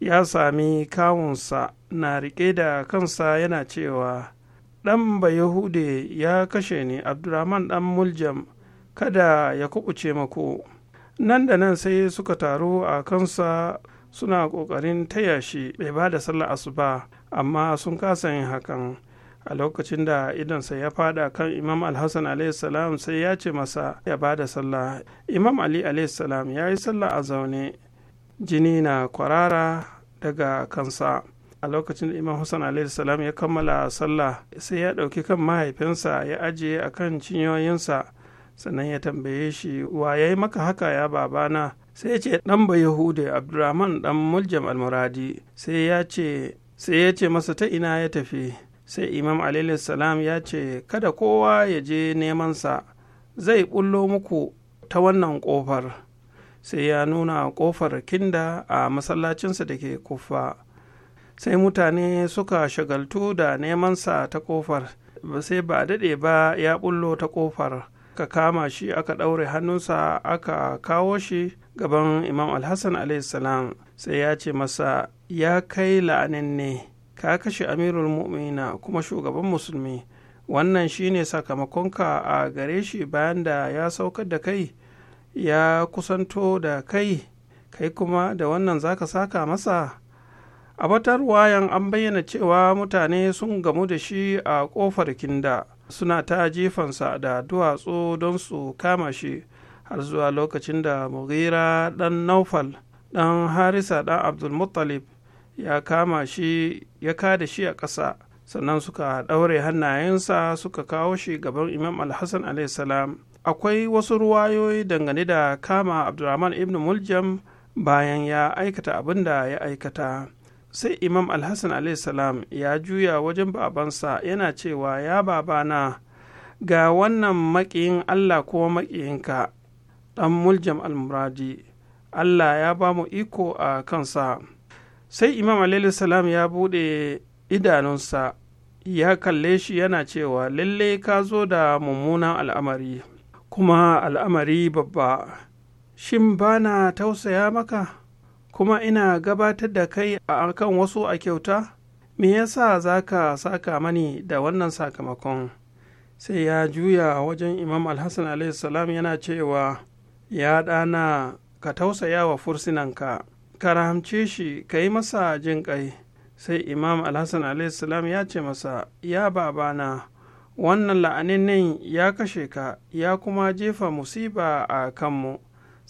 ya sami kawunsa na riƙe da kansa yana cewa ɗan bayahude ya kashe ni abdurrahman ɗan muljam kada ya kuɓuce mako nan da nan sai suka taru a kansa suna ƙoƙarin taya shi bai ba da sallar asuba amma sun kasa yin hakan a lokacin da idonsa ya fada kan imam alhassan salam sai ya ce masa ya ba da sallah imam ali salam ya yi sallah a zaune jini na kwarara daga kansa a lokacin da imam hassan alaihi ya kammala sallah sai ya ɗauki kan mahaifinsa ya ajiye a kan cinyoyinsa sannan ya tambaye shi wa ya yi maka haka ya babana sai ya ce ɗan ba yahude abdurrahman ɗan muljam almuradi sai ya ce sai ya ce masa ta ina ya tafi sai imam alaihi salam ya ce kada kowa ya je nemansa zai bullo muku ta wannan ƙofar sai ya nuna ƙofar kinda a masallacinsa da ke kuffa. sai mutane suka shagaltu da neman sa ta kofar sai ba daɗe ba ya bullo ta kofar ka kama shi aka ɗaure hannunsa aka kawo shi gaban imam alhassan salam sai ya ce masa ya kai la'anin ne ka kashe amirul mu'mina kuma shugaban musulmi wannan shine sakamakonka a gare shi bayan da ya saukar da kai ya kusanto da kai kai kuma da wannan zaka saka masa a batar wayan an bayyana cewa mutane sun gamu da shi a ƙofar kinda suna ta jefansa da duwatsu don su kama shi har zuwa lokacin da mugira ɗan naufal ɗan harisa ɗan abdulmuttalib ya kama shi ya kada shi a ƙasa sannan suka ɗaure hannayensa suka kawo shi gaban imam alhassan salam akwai wasu ruwayoyi dangane da kama abdulrahman ibn muljam bayan ya aikata abin da ya aikata sai imam alhassan salam ya juya wajen babansa yana cewa ya babana ga wannan maƙiyin allah kuma maƙiyinka ɗan muljam almuradi allah ya ba mu iko a kansa sai imam salam ya buɗe idanunsa ya kalle shi yana cewa lalle ka zo da mummunan al'amari kuma al'amari babba shin bana tausaya maka kuma ina gabatar da kai a kan wasu a kyauta me yasa za ka saka mani da wannan sakamakon sai ya juya wajen imam alhassan salam yana cewa ya ɗana ka tausaya wa fursinanka ka rahamce shi ka yi masa jin ƙai sai imam alhassan salam ya ce masa ya babana wannan la'anin ya kashe ka ya kuma jefa musiba a kanmu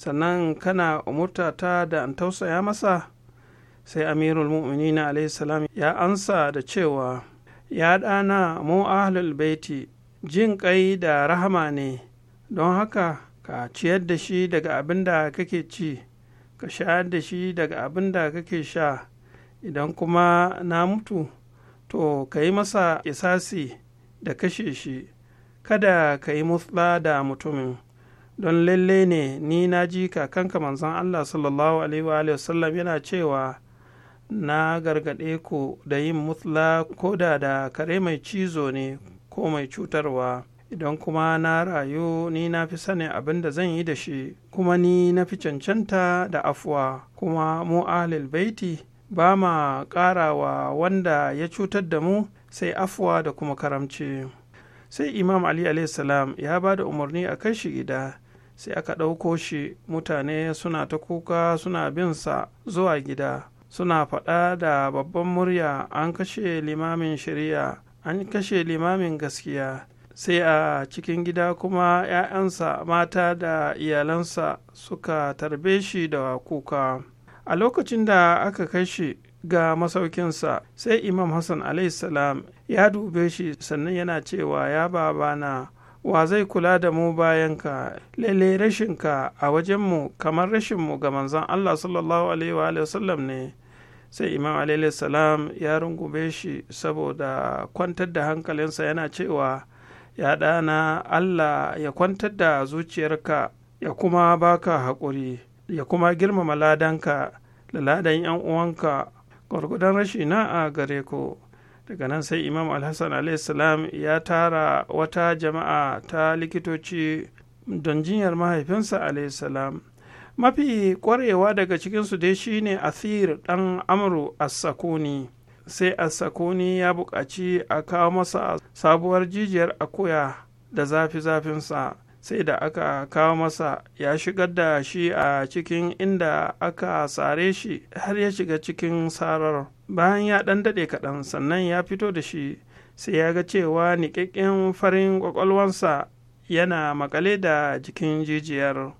sannan kana umurta ta da an tausaya masa sai amirul mu'minina salam ya ansa da cewa ya ɗana mu ahlul baiti jin ƙai da rahama ne don haka ka ciyar da shi daga abin da kake ci ka sha da shi daga abin da kake sha idan kuma na mutu to ka yi masa isasi da kashe shi kada ka yi musla da mutumin don lalle ne ni na ji kakanka manzon Allah sallallahu alaihi wasallam yana cewa na gargaɗe ku da yin mutla ko da da kare mai cizo ne ko mai cutarwa idan kuma na rayu ni na fi sani abin da zan yi da shi kuma ni na fi cancanta da afuwa kuma mu alil baiti ba ma ƙarawa wanda ya cutar da mu sai afuwa da kuma karamci sai imam ali salam ya ba da umarni a kai shi gida sai aka ɗauko shi mutane suna ta kuka suna bin sa zuwa gida suna faɗa da babban murya an kashe limamin shari'a an kashe limamin gaskiya sai a cikin gida kuma 'ya'yansa mata da iyalansa suka tarbe shi da kuka a lokacin da aka kai shi ga masaukinsa sai imam hassan salam ya dube shi sannan yana cewa ya babana wa zai kula da mu bayan ka lele rashin ka a wajen mu kamar rashin mu ga manzon Allah sallallahu alaihi wa sallam ne sai imam alaihi salam ya rungume shi saboda kwantar da hankalinsa yana cewa ya ɗana Allah ya kwantar da zuciyarka ya kuma baka haƙuri ya kuma girmama ladanka da ladan 'yan uwanka Gwargwadon rashi na a gare ku daga nan sai imam alhassan salam ya tara wata jama'a ta likitoci don jinyar mahaifinsa salam mafi ƙwarewa daga cikinsu dai shine athir ɗan amru as-sakuni sai as-sakuni ya buƙaci a kawo masa sabuwar jijiyar akuya da zafi-zafinsa sai da aka kawo masa ya shigar da shi a cikin inda aka sare shi har ya shiga cikin sarar bayan ya ɗan daɗe kaɗan sannan ya fito da shi sai ya ga cewa niƙaƙƙen farin ƙwaƙwalwansa yana makale da jikin jijiyar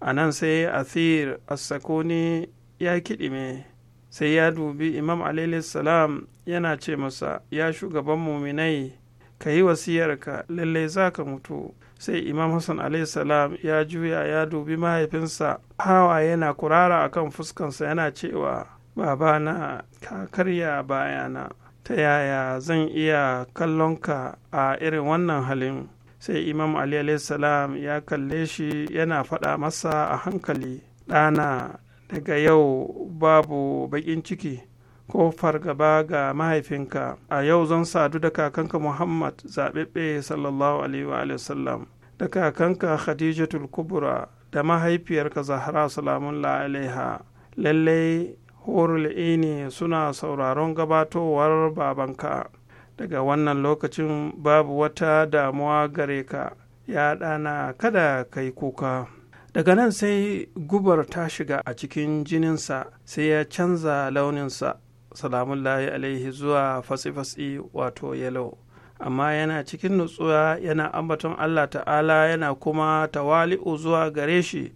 a nan sai athir assakoni ya kiɗime sai ya dubi imam salam yana ce masa ya shugaban muminai ka yi wasiyarka lallai za ka mutu sai imam hassan salam ya juya ya dubi mahaifinsa hawa yana kurara akan fuskansa yana cewa babana ka karya bayana ta yaya zan iya kallon ka a irin wannan halin sai imam ali salam ya kalle shi yana faɗa masa a hankali ɗana daga yau babu baƙin ciki ko fargaba ga mahaifinka a yau zan sadu da kakanka muhammad zaɓeɓɓe sallallahu alaihi wa sallam da kakanka khadijatul kubra da mahaifiyarka zahra salamun alaiha lallai horul ini suna sauraron gabatowar babanka daga wannan lokacin babu wata damuwa gare ka ya ɗana kada ka yi kuka daga nan sai gubar ta shiga a cikin jininsa sai ya canza launinsa salamullahi alaihi zuwa fasifasi wato yalo amma yana cikin nutsuwa yana ambaton allah ta'ala yana kuma tawali'u zuwa gare shi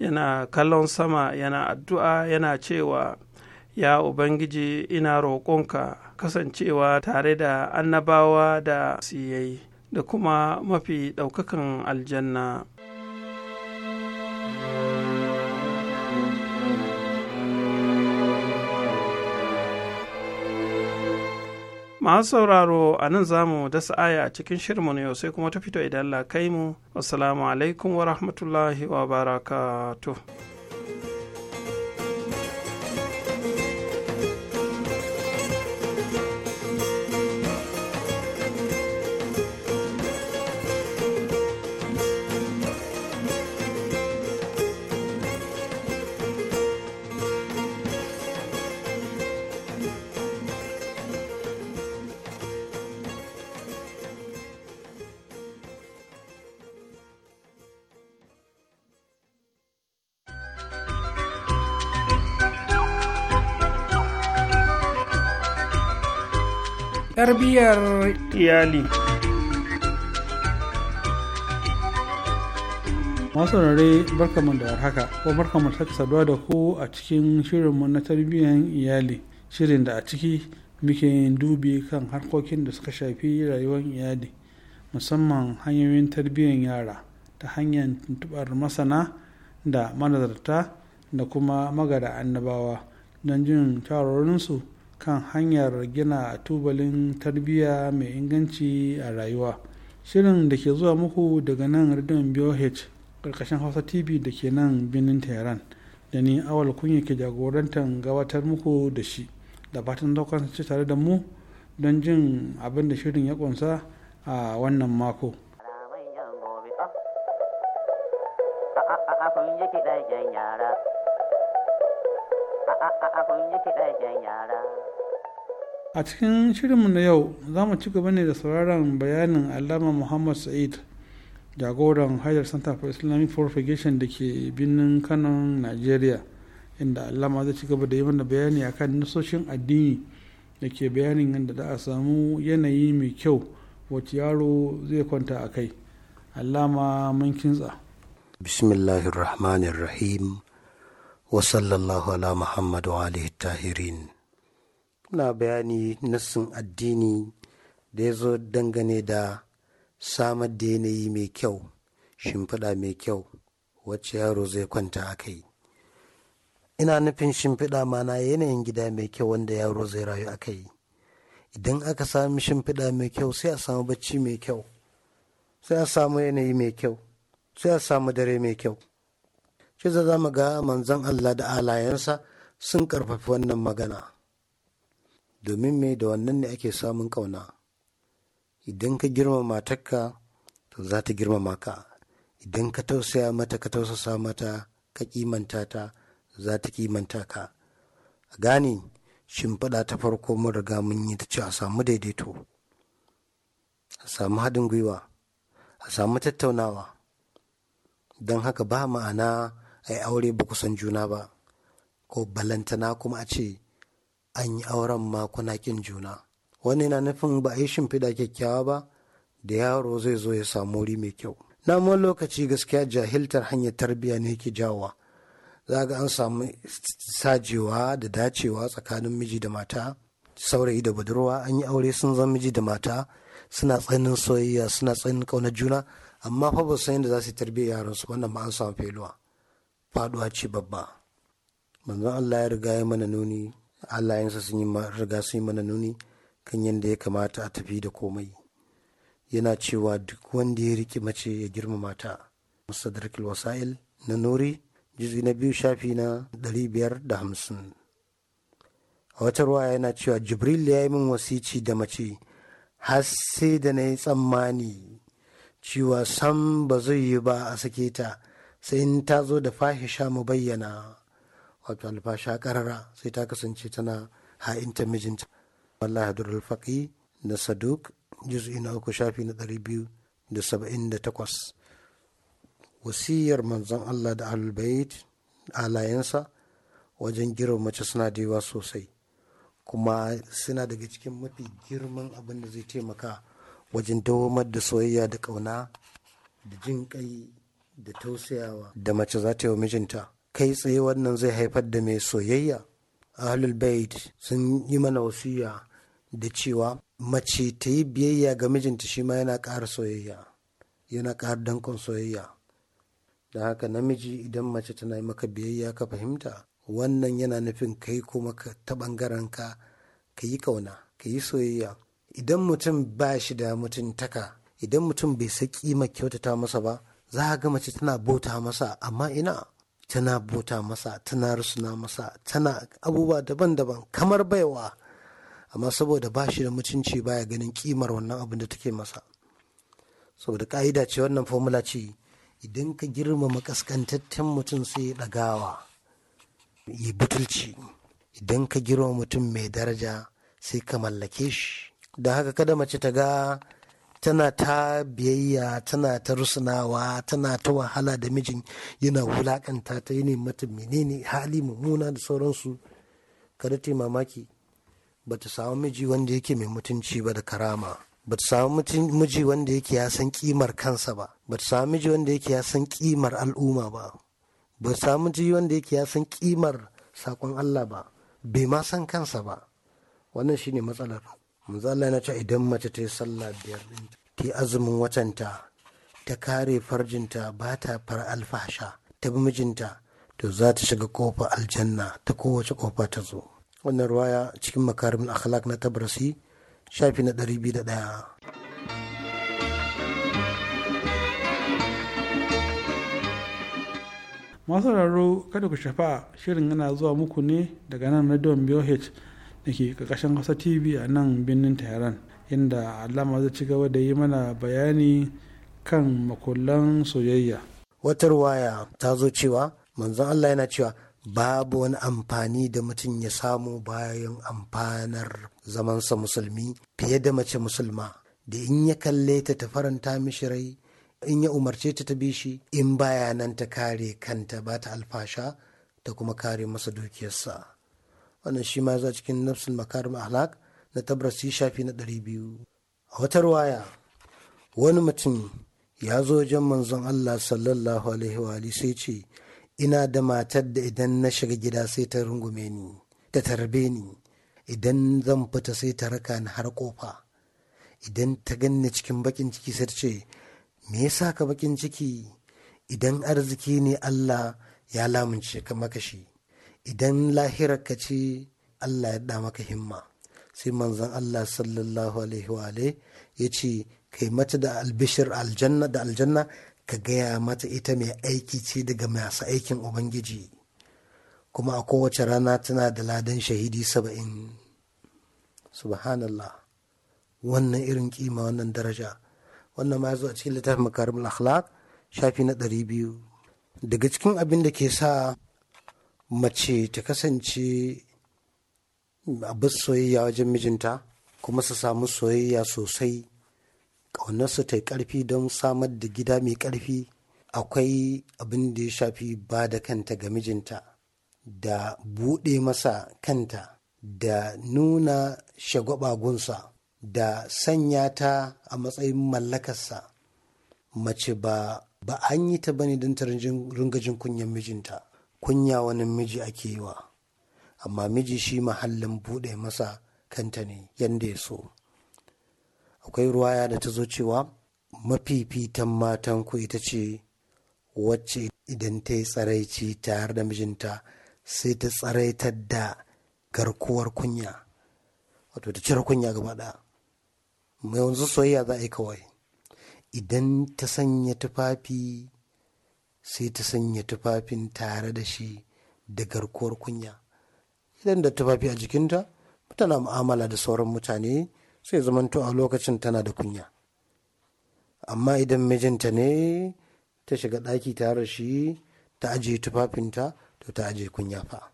yana kallon sama yana addu'a yana cewa ya ubangiji ina roƙonka kasancewa tare da annabawa da siyai da kuma mafi ɗaukakan aljanna masu sauraro a nan za mu dasa aya a cikin shirinmu na yau sai kuma ta fito idan la kai mu assalamu alaikum wa rahmatullahi wa barakatuh tarbiyyar iyali masu rare barkamu da warhaka ko barkamu ta saduwa da ku a cikin shirinmu na tarbiyyar iyali shirin da a ciki muke dubi kan harkokin da suka shafi rayuwar iyali musamman hanyoyin tarbiyyar yara ta hanyar tuntubar masana da manazarta da kuma magada annabawa don jin shawarorinsu kan hanyar gina tubalin tarbiyya mai inganci a rayuwa shirin da ke zuwa muku daga nan rediyon BOH karkashin hausa tv da ke nan birnin tehran da ni awal kunya ke jagorantar gabatar muku da shi da fatan daukan ci tare da mu don jin abin da shirin ya kunsa a wannan mako yara a cikin shirinmu na yau za mu ci gaba ne da sauraron bayanin alama muhammad sa'id jagoran hajjar center for islamic propagation da ke birnin kano nigeria inda alama zai ci gaba da yi mana bayani akan nasoshin addini da ke bayanin yadda za a samu yanayi mai kyau wacce yaro zai kwanta a kai alama mun kintsa bismillahirrahmanirrahim wa sallallahu ala muhammad wa alihi tahirin muna bayani nassin addini da ya zo dangane da samar da yanayi mai kyau shimfiɗa mai kyau wacce yaro zai kwanta a kai ina nufin shimfiɗa mana yanayin gida mai kyau wanda yaro zai rayu a kai idan aka sami shimfiɗa mai kyau sai a samu bacci mai kyau sai a samu yanayi mai kyau sai a samu dare mai kyau shi za mu ga manzon Allah da alayensa sun karfafi wannan magana domin me da wannan ne ake samun ƙauna idan ka girmama matarka to za ta girmama ka idan ka tausaya mata ka tausasa mata ka kimanta ta za ta kimanta ka a gane shimfiɗa ta farko mun riga mun yi ta ce a samu daidaito a samu haɗin gwiwa a samu tattaunawa don haka ba ma'ana a yi aure ba kusan juna ba ko balantana kuma a ce an yi auren ma kuna kin juna wani na nufin ba a yi shimfiɗa kyakkyawa ba da yaro zai zo ya samu wuri mai kyau na lokaci gaskiya jahiltar hanyar tarbiyya ne ke jawowa za ga an samu sajewa da dacewa tsakanin miji da mata saurayi da budurwa an yi aure sun zama miji da mata suna tsanin soyayya suna tsanin ƙaunar juna amma fa ba san yadda za su tarbiyya yaran su wannan ba an samu feluwa faduwa ce babba manzon Allah ya riga ya mana nuni allayensa sun yi riga sun yi mana nuni kan yadda ya kamata a tafi da komai yana cewa duk wanda ya riƙe mace ya girmama ta musadarkil wasa'il na nuri jizgi na biyu shafi na dari biyar da hamsin a wata ruwa yana cewa jibril ya yi min wasici da mace har sai da na yi tsammani cewa sam ba zai yi ba a sake ta sai in ta zo da fahisha mu bayyana wato alfasha karara sai ta kasance tana ha'inta mijinta wallahi hadurul faqi na saduk juz'i na uku shafi na ɗari biyu da saba'in da takwas wasiyar manzon allah da albayit alayensa wajen girma mace suna da yawa sosai kuma suna daga cikin mafi girman abin da zai taimaka wajen dawamar da soyayya da ƙauna da jin kai da tausayawa da mace za ta yi wa mijinta kai tsaye wannan zai haifar da mai soyayya ahlul bait sun yi mana wasiya da cewa mace ta yi biyayya ga mijinta shi ma yana ƙara soyayya yana ƙara dankon soyayya da haka namiji idan mace tana yi maka biyayya ka fahimta wannan yana nufin kai kuma ta ɓangaren ka ka yi kauna ka yi soyayya idan mutum ba shi da mutuntaka idan mutum bai sa kima kyautata masa ba za ga mace tana bauta masa amma ina tana bota masa tana rusuna masa tana abubuwa daban-daban kamar baiwa amma saboda ba shi da mutunci baya ganin kimar wannan abin da take masa saboda ka'ida ce wannan formula ce idan ka girmama kaskantaccen mutum sai ya ɗagawa yi butulci idan ka girmama mutum mai daraja sai ka mallake shi da haka kada mace ta ga tana ta biyayya tana ta rusunawa tana ta wahala da mijin yana wulakanta ta yi mata menene hali mummuna da sauransu kada ta mamaki ba ta samu miji wanda yake mai mutunci ba da karama ba ta samu miji wanda yake ya san kimar kansa ba ba ta samu miji wanda yake ya san kimar al'umma ba ba ta samu miji wanda yake ya san kimar sakon Allah ba bai ma san kansa ba wannan shine matsalar Allah na ce idan mace ta yi sallah biyar din ta azumin watanta ta kare farjinta ba ta far alfasha ta bi mijinta to za ta shiga kofar aljanna ta kowace kofa ta zo wannan ruwaya cikin makarimin akhlaq na tabrasi shafi na ɗari biyu da ɗaya. masu raro kada ku shafa shirin yana zuwa muku ne daga nan na BOH da ke ƙarƙashin tv a nan birnin tehran inda alama zai ci gaba da yi mana bayani kan makullan soyayya wata ruwaya ta zo cewa manzon allah yana cewa babu wani amfani da mutum ya samu bayan amfanar zamansa musulmi fiye da mace musulma da in ya kalle ta ta faranta mishi rai in ya umarce ta ta bishi in baya nan ta kare kanta ba ta alfasha ta kuma kare masa dukiyarsa wannan shi ma za cikin nafsul makarim ahlak na tabrasi shafi na ɗari biyu a wata ruwaya wani mutum ya zo wajen manzon Allah sallallahu alaihi wa sai ce ina da matar da idan na shiga gida sai ta rungume ni ta tarbe ni idan zan fita sai ta raka ni har kofa idan ta ganni cikin bakin ciki sai ta ce me yasa ka bakin ciki idan arziki ne Allah ya lamunce ka makashi idan lahirarka ce Allah ya da maka himma sai manzon Allah sallallahu alaihi wa ya ce kai mata da albishir aljanna da aljanna ka gaya mata ita mai aiki ce daga masu aikin ubangiji kuma a kowace rana tana da ladan shahidi saba'in subhanallah wannan irin kima wannan daraja wannan ma zuwa cikin littafin makarim akhlaq shafi na ɗari biyu daga cikin abin da ke sa mace ta kasance abin soyayya wajen mijinta kuma su samu soyayya sosai ƙaunarsa ta yi ƙarfi don samar da gida mai ƙarfi akwai abin da ya shafi ba da kanta ga mijinta da buɗe masa kanta da nuna shagwabagunsa da sanya ta a matsayin mallakarsa mace ba ba an yi ta bane don ta ringajin kunyan mijinta kunya wani miji ake yi wa amma miji shi mahallin buɗe masa kanta ne yadda ya so akwai ruwaya da ta zo cewa mafifitan matan ku ita ce wacce idan ta yi tsaraici tare da mijinta sai ta tsaraitar da garkuwar kunya wato ta cire kunya gaba ɗaya yanzu soyayya za a yi kawai idan ta sanya tufafi sai ta sanya tufafin tare da shi da garkuwar kunya idan da tufafi a jikinta tana mu'amala da sauran mutane sai zamanto a lokacin tana da kunya amma idan mijinta ne ta shiga ɗaki tare shi ta ajiye tufafinta to ta ajiye kunya fa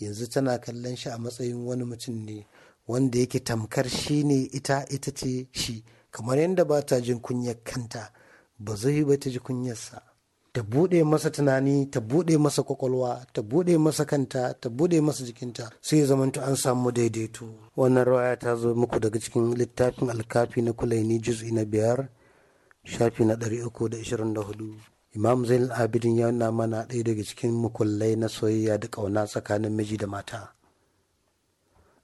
yanzu tana kallon shi a matsayin wani mutum ne wanda yake tamkar shi ne ita ita ce shi kamar yadda ba ta jin kunyar kanta ba zai ba ta ji kunyarsa ta buɗe masa tunani ta buɗe masa kwakwalwa ta buɗe masa kanta ta buɗe masa jikinta sai ya zamanto an samu daidaito wannan rawaya ta zo muku daga cikin littafin alkafi na kulaini juz'i na biyar shafi na ɗari uku da ishirin da hudu imam zain abidin ya nuna mana ɗaya daga cikin mukullai na soyayya da ƙauna tsakanin miji da mata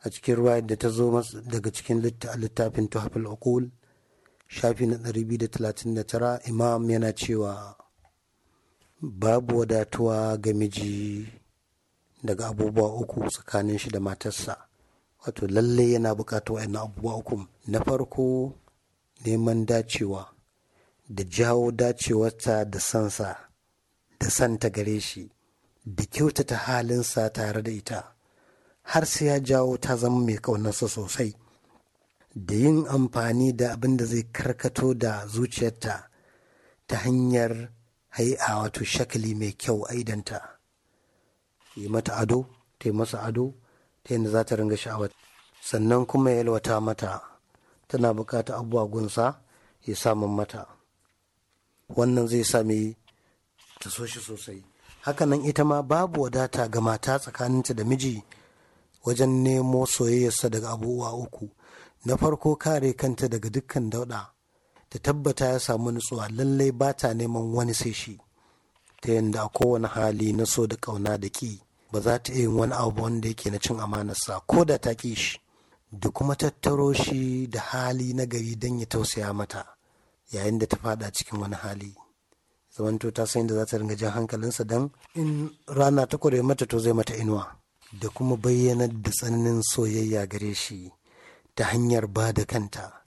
a cikin ruwa da ta zo daga cikin littafin tuhafil uqul shafi na ɗari biyu da da talatin tara, imam yana cewa babu wadatuwa ga miji daga abubuwa uku tsakanin shi da matarsa wato lalle yana bukatar wa'annan abubuwa uku na farko neman dacewa da jawo dacewarta da sansa da santa gare shi da kyautata halinsa tare da ita har sai ya jawo ta zama mai ƙaunarsa sosai da yin amfani da abin da zai karkato da zuciyarta ta hanyar a wato shakali mai kyau aidanta yi mata ado ta yi masa ado ta yadda za ta ringa sha'awar sannan kuma ya yalwata mata tana bukata abubuwa gunsa ya samun mata wannan zai sami ta so shi sosai hakanan ita ma babu wadata ga mata tsakaninta da miji wajen nemo soyayyarsa daga abubuwa uku na farko kare kanta daga dukkan dauɗa ta tabbata ya samu nutsuwa lallai ba ta neman wani sai shi ta yadda a kowane hali na so da ƙauna da ƙi ba za ta yin wani abu wanda yake na cin amanarsa ko da ta ƙi shi da kuma tattaro shi da hali na gari don ya tausaya mata yayin da ta fada cikin wani hali zamanto ta san da za ta ringa jan hankalinsa don in rana ta kware mata to zai mata inuwa da kuma bayyanar da tsananin soyayya gare shi ta hanyar ba da kanta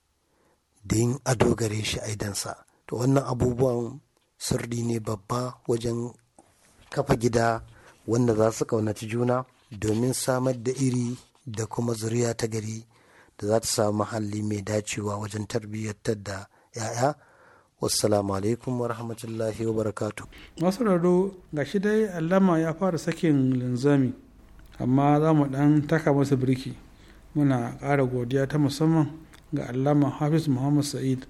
da yin ado gare shi aidansa to wannan abubuwan sirri ne babba wajen kafa gida wanda za su kaunaci juna domin samar da iri da kuma zuriya ta gari da za ta samu mahalli mai dacewa wajen tarbiyyar da 'ya'ya wassalamu alaikum wa rahmatullahi wa barakatu masu raro ga shi dai allama ya fara sakin linzami amma za mu dan taka masa birki muna ƙara godiya ta musamman ga allama hafiz muhammad sa'id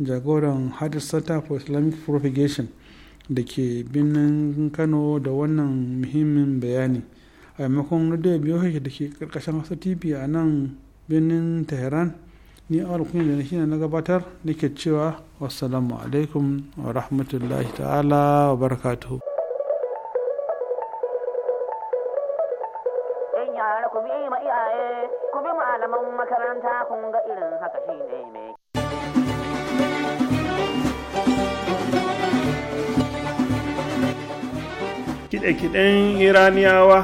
jagoran hadis center for islamic propagation da ke birnin kano da wannan muhimmin bayani a maimakon radio biyu da ke karkashin hasa tv a nan birnin tehran ni a kunya da shi na gabatar nake cewa wassalamu alaikum wa rahmatullahi ta'ala wa barakatuhu ku bi ma iyaye malaman manta kun ga irin haka shi ne mai kiɗe-kiɗen iraniyawa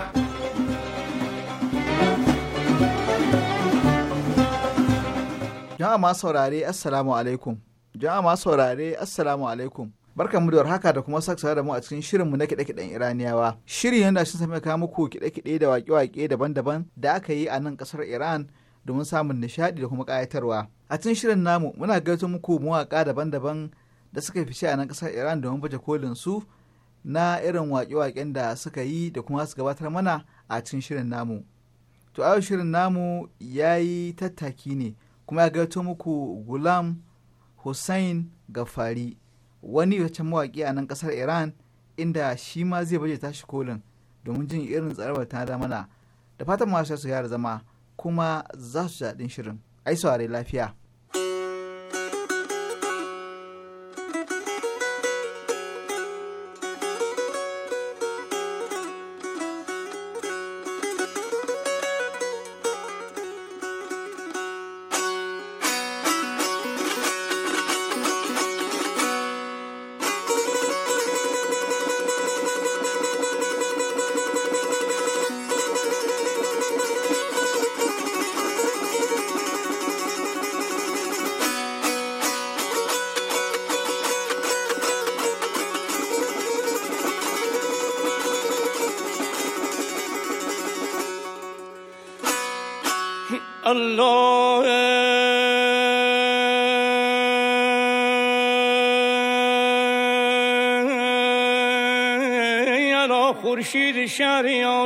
jama'a masu saurare assalamu alaikum jama'a masu saurare assalamu alaikum barkan mu da haka da kuma saka da mu a cikin shirinmu na kiɗe-kiɗen iraniyawa shirin yana shi sami kawo muku kiɗe-kiɗe da waƙe-waƙe daban-daban da aka yi a nan ƙasar iran domin samun nishaɗi da kuma ƙayatarwa. A cikin shirin namu muna gaito muku mawaƙa daban-daban da suka fice a nan ƙasar Iran domin baje kolin su na irin waƙe-waƙen da suka yi da kuma su gabatar mana a cikin shirin namu. To a shirin namu ya yi tattaki ne kuma ya gaito muku Gulam Hussein Gafari wani wacce mawaƙi a nan ƙasar Iran inda shi ma zai baje tashi kolin domin jin irin tsarabar ta da mana da fatan masu su gyara zama kuma za su daɗin shirin. Ai saurari lafiya.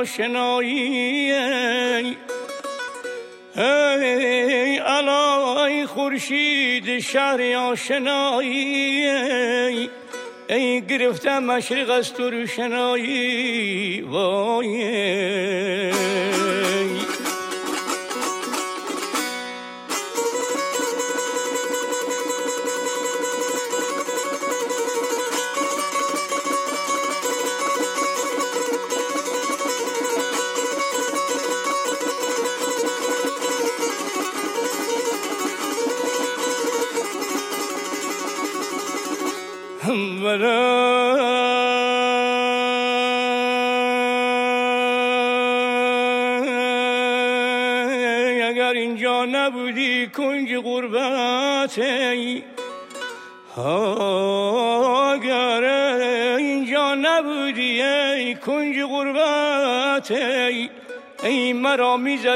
آشنایی ای علای خورشید شهر آشنایی ای گرفتم مشرق از تو روشنایی وای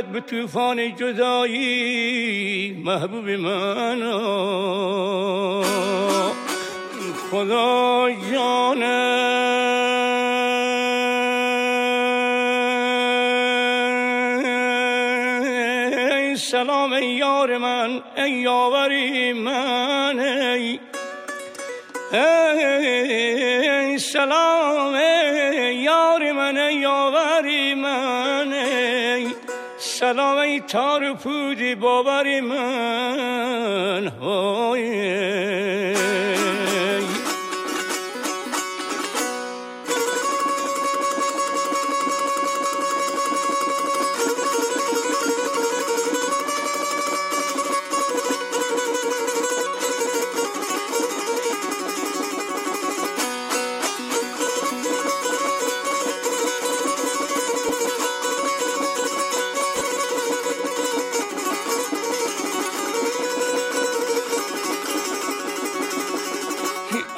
آمد به طوفان جدایی محبوب من خدا سلامه تار پودی باوری من های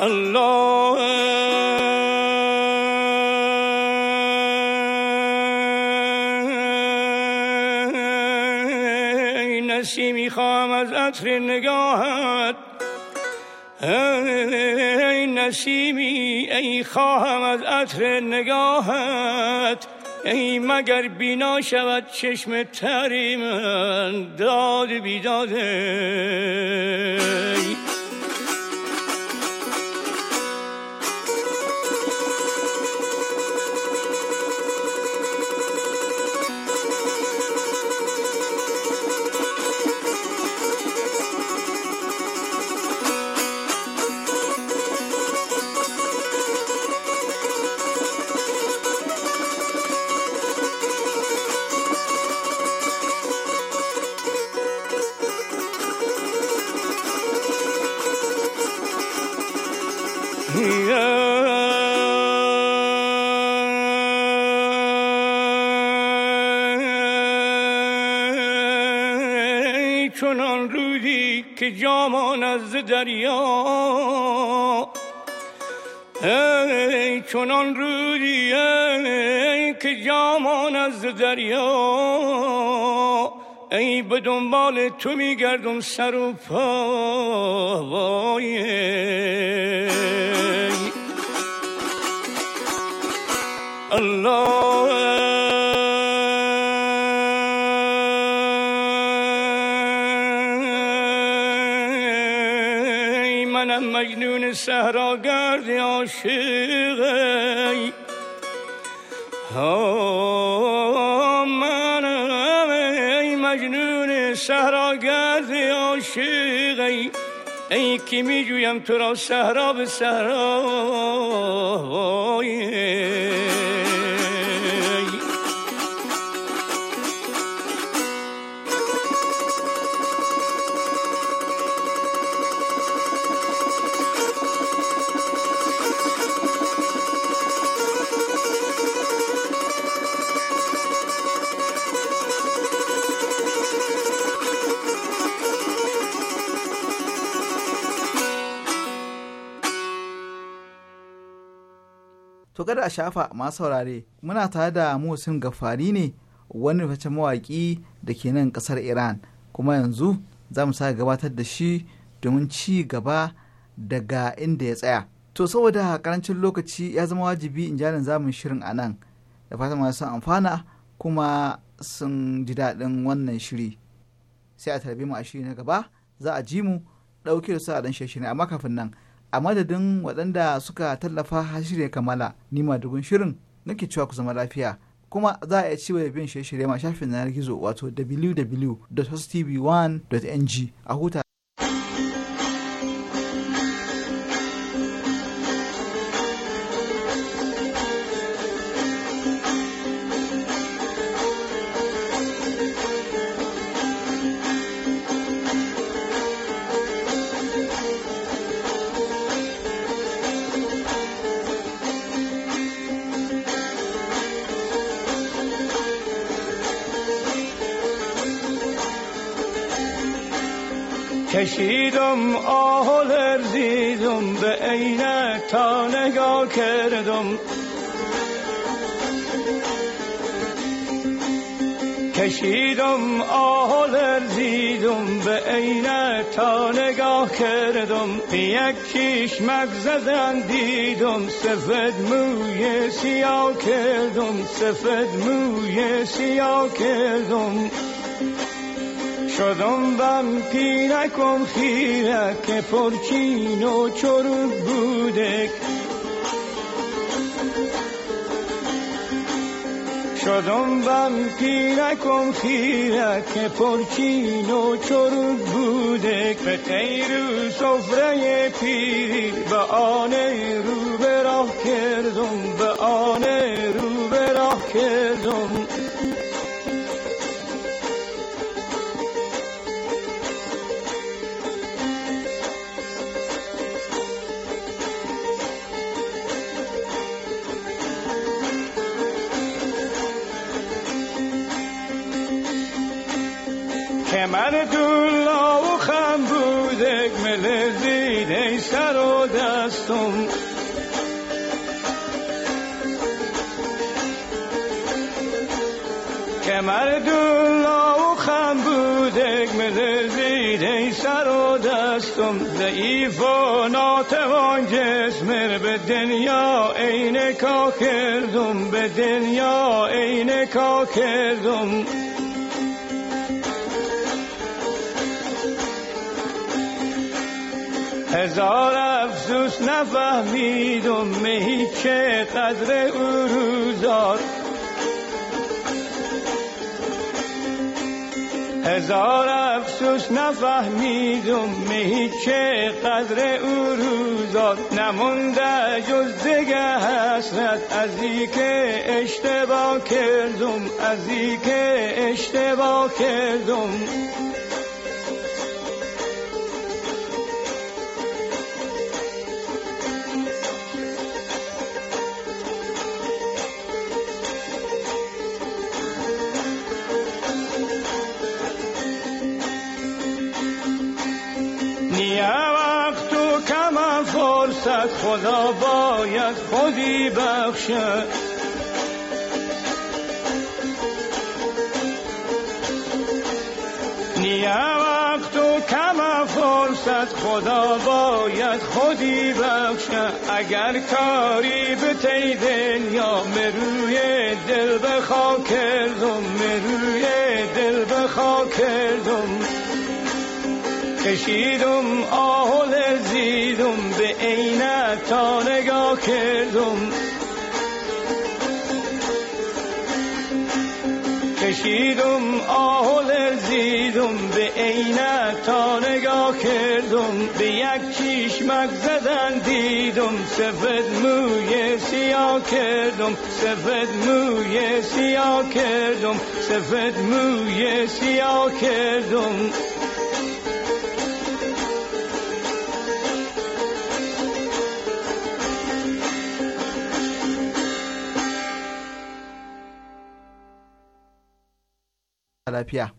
الله نسی خواهم از عطر نگاهت ای نسیمی ای خواهم از عطر نگاهت ای مگر بینا شود چشم تری من داد بیداده چنان رودی که جامان از دریا ای به دنبال تو میگردم سر و پا وای الله منم مجنون صحراگرد عاشق که میجویم تو را صحرا به صحرا yar a shafa masu saurare muna tare da musin gafari ne wani facen mawaƙi da ke nan ƙasar iran kuma yanzu za mu sake gabatar da shi domin ci gaba daga inda ya tsaya to saboda karancin lokaci ya zama wajibi in jalin zamun shirin a nan da fatan masu amfana kuma sun ji daɗin wannan shiri sai a tarbi mu a shiri na gaba za a ji mu ɗauke da su sa ɗan shirin amma kafin nan a madadin waɗanda suka tallafa shirya kamala ni dubun shirin nake cewa ku zama lafiya kuma za a iya ci wa bin shirye-shirye ma shafin yanar gizo wato www.hostv1.ng a huta کردم کشیدم آه لرزیدم به عینه تا نگاه کردم یک چشمک زدن دیدم سفد موی سیاه کردم سفد موی سیاه کردم شدم بم پینکم خیره که پرچین و چروک بودک شدم بم پیرکم خیرک پرچین و چرود بوده به تیرو صفره پیری به آن رو به راه کردم به آن رو به راه کردم من دولا و خم بود اکمل ای سر و دستم کمر دولا و خم بود اکمل ای سر و دستم ضعیف و ناتوان جسمر به دنیا عین کا کردم به دنیا عین کا کردم هزار افسوس نفهمیدم مهی که قدر او روزار هزار افسوس نفهمیدم مهی که قدر او روزار نمونده جز دگه حسرت از ای که اشتباه کردم از ای که اشتباه کردم خدا باید خودی بخشه اگر کاری به تیدن دنیا مروی دل بخوا کردم مروی دل به کردم کشیدم آه و به عینت تا نگاه کردم کشیدم آه لرزیدم به عینت تا نگاه کردم به یک چشمک زدن دیدم سفد موی سیاه کردم سفد موی سیاه کردم سفد موی سیاه کردم lafiya.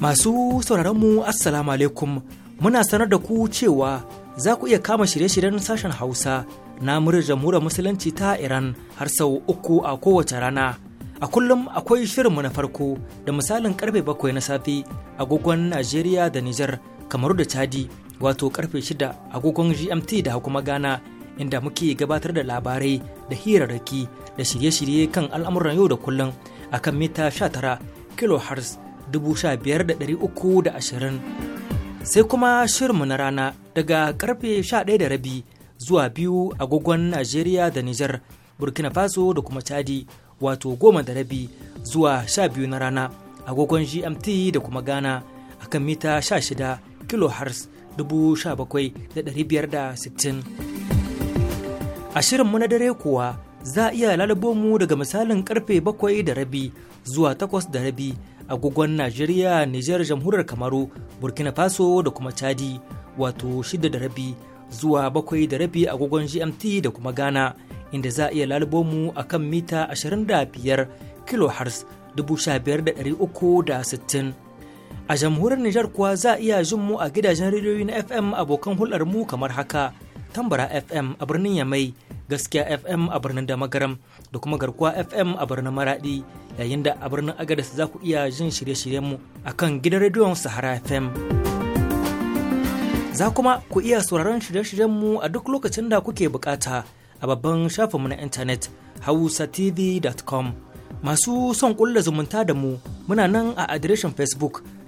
Masu sauraronmu Assalamu alaikum muna sanar da ku cewa za ku iya kama shirye-shiryen sashen Hausa na muryar jamhuriyar Musulunci ta Iran har sau uku a kowace rana. A kullum akwai shirinmu na farko da misalin karfe bakwai na safe agogon Najeriya da Nijar kamaru da Chadi wato karfe shida agogon GMT da kuma Ghana inda muke gabatar da labarai da hirarraki da shirye-shirye kan al'amuran yau da kullum a kan mita 19 da ashirin, sai kuma shirmu na rana daga karfe 11 da rabi zuwa biyu agogon Najeriya da Nijar Burkina Faso da kuma Chadi wato goma da rabi zuwa sha 12 na rana agogon GMT da kuma Ghana akan mita sha 16 kilohertz 17,560. A shirinmu na dare kuwa za a iya lalabo mu daga misalin karfe bakwai da rabi zuwa takwas da rabi agogon Najeriya, Nijar, Jamhuriyar Kamaru, Burkina Faso da kuma Chadi wato shida da rabi zuwa bakwai da rabi agogon GMT da kuma Ghana inda za a iya lalabo mu a kan mita 25 kHz 15,360. A jamhuriyar Nijar kuwa za a iya jin mu a gidajen rediyoyi na FM abokan hulɗar mu kamar haka Tambara FM a birnin Yamai, Gaskiya FM a birnin Damagaram da kuma Garkuwa FM a birnin Maradi yayin da a birnin Agadas za ku iya jin shirye-shiryen mu kan gidan rediyon Sahara FM. Za kuma ku iya sauraron shirye-shiryen mu a duk lokacin da kuke bukata a babban shafinmu na intanet hausatv.com. Masu son kulla zumunta da mu muna nan a adireshin Facebook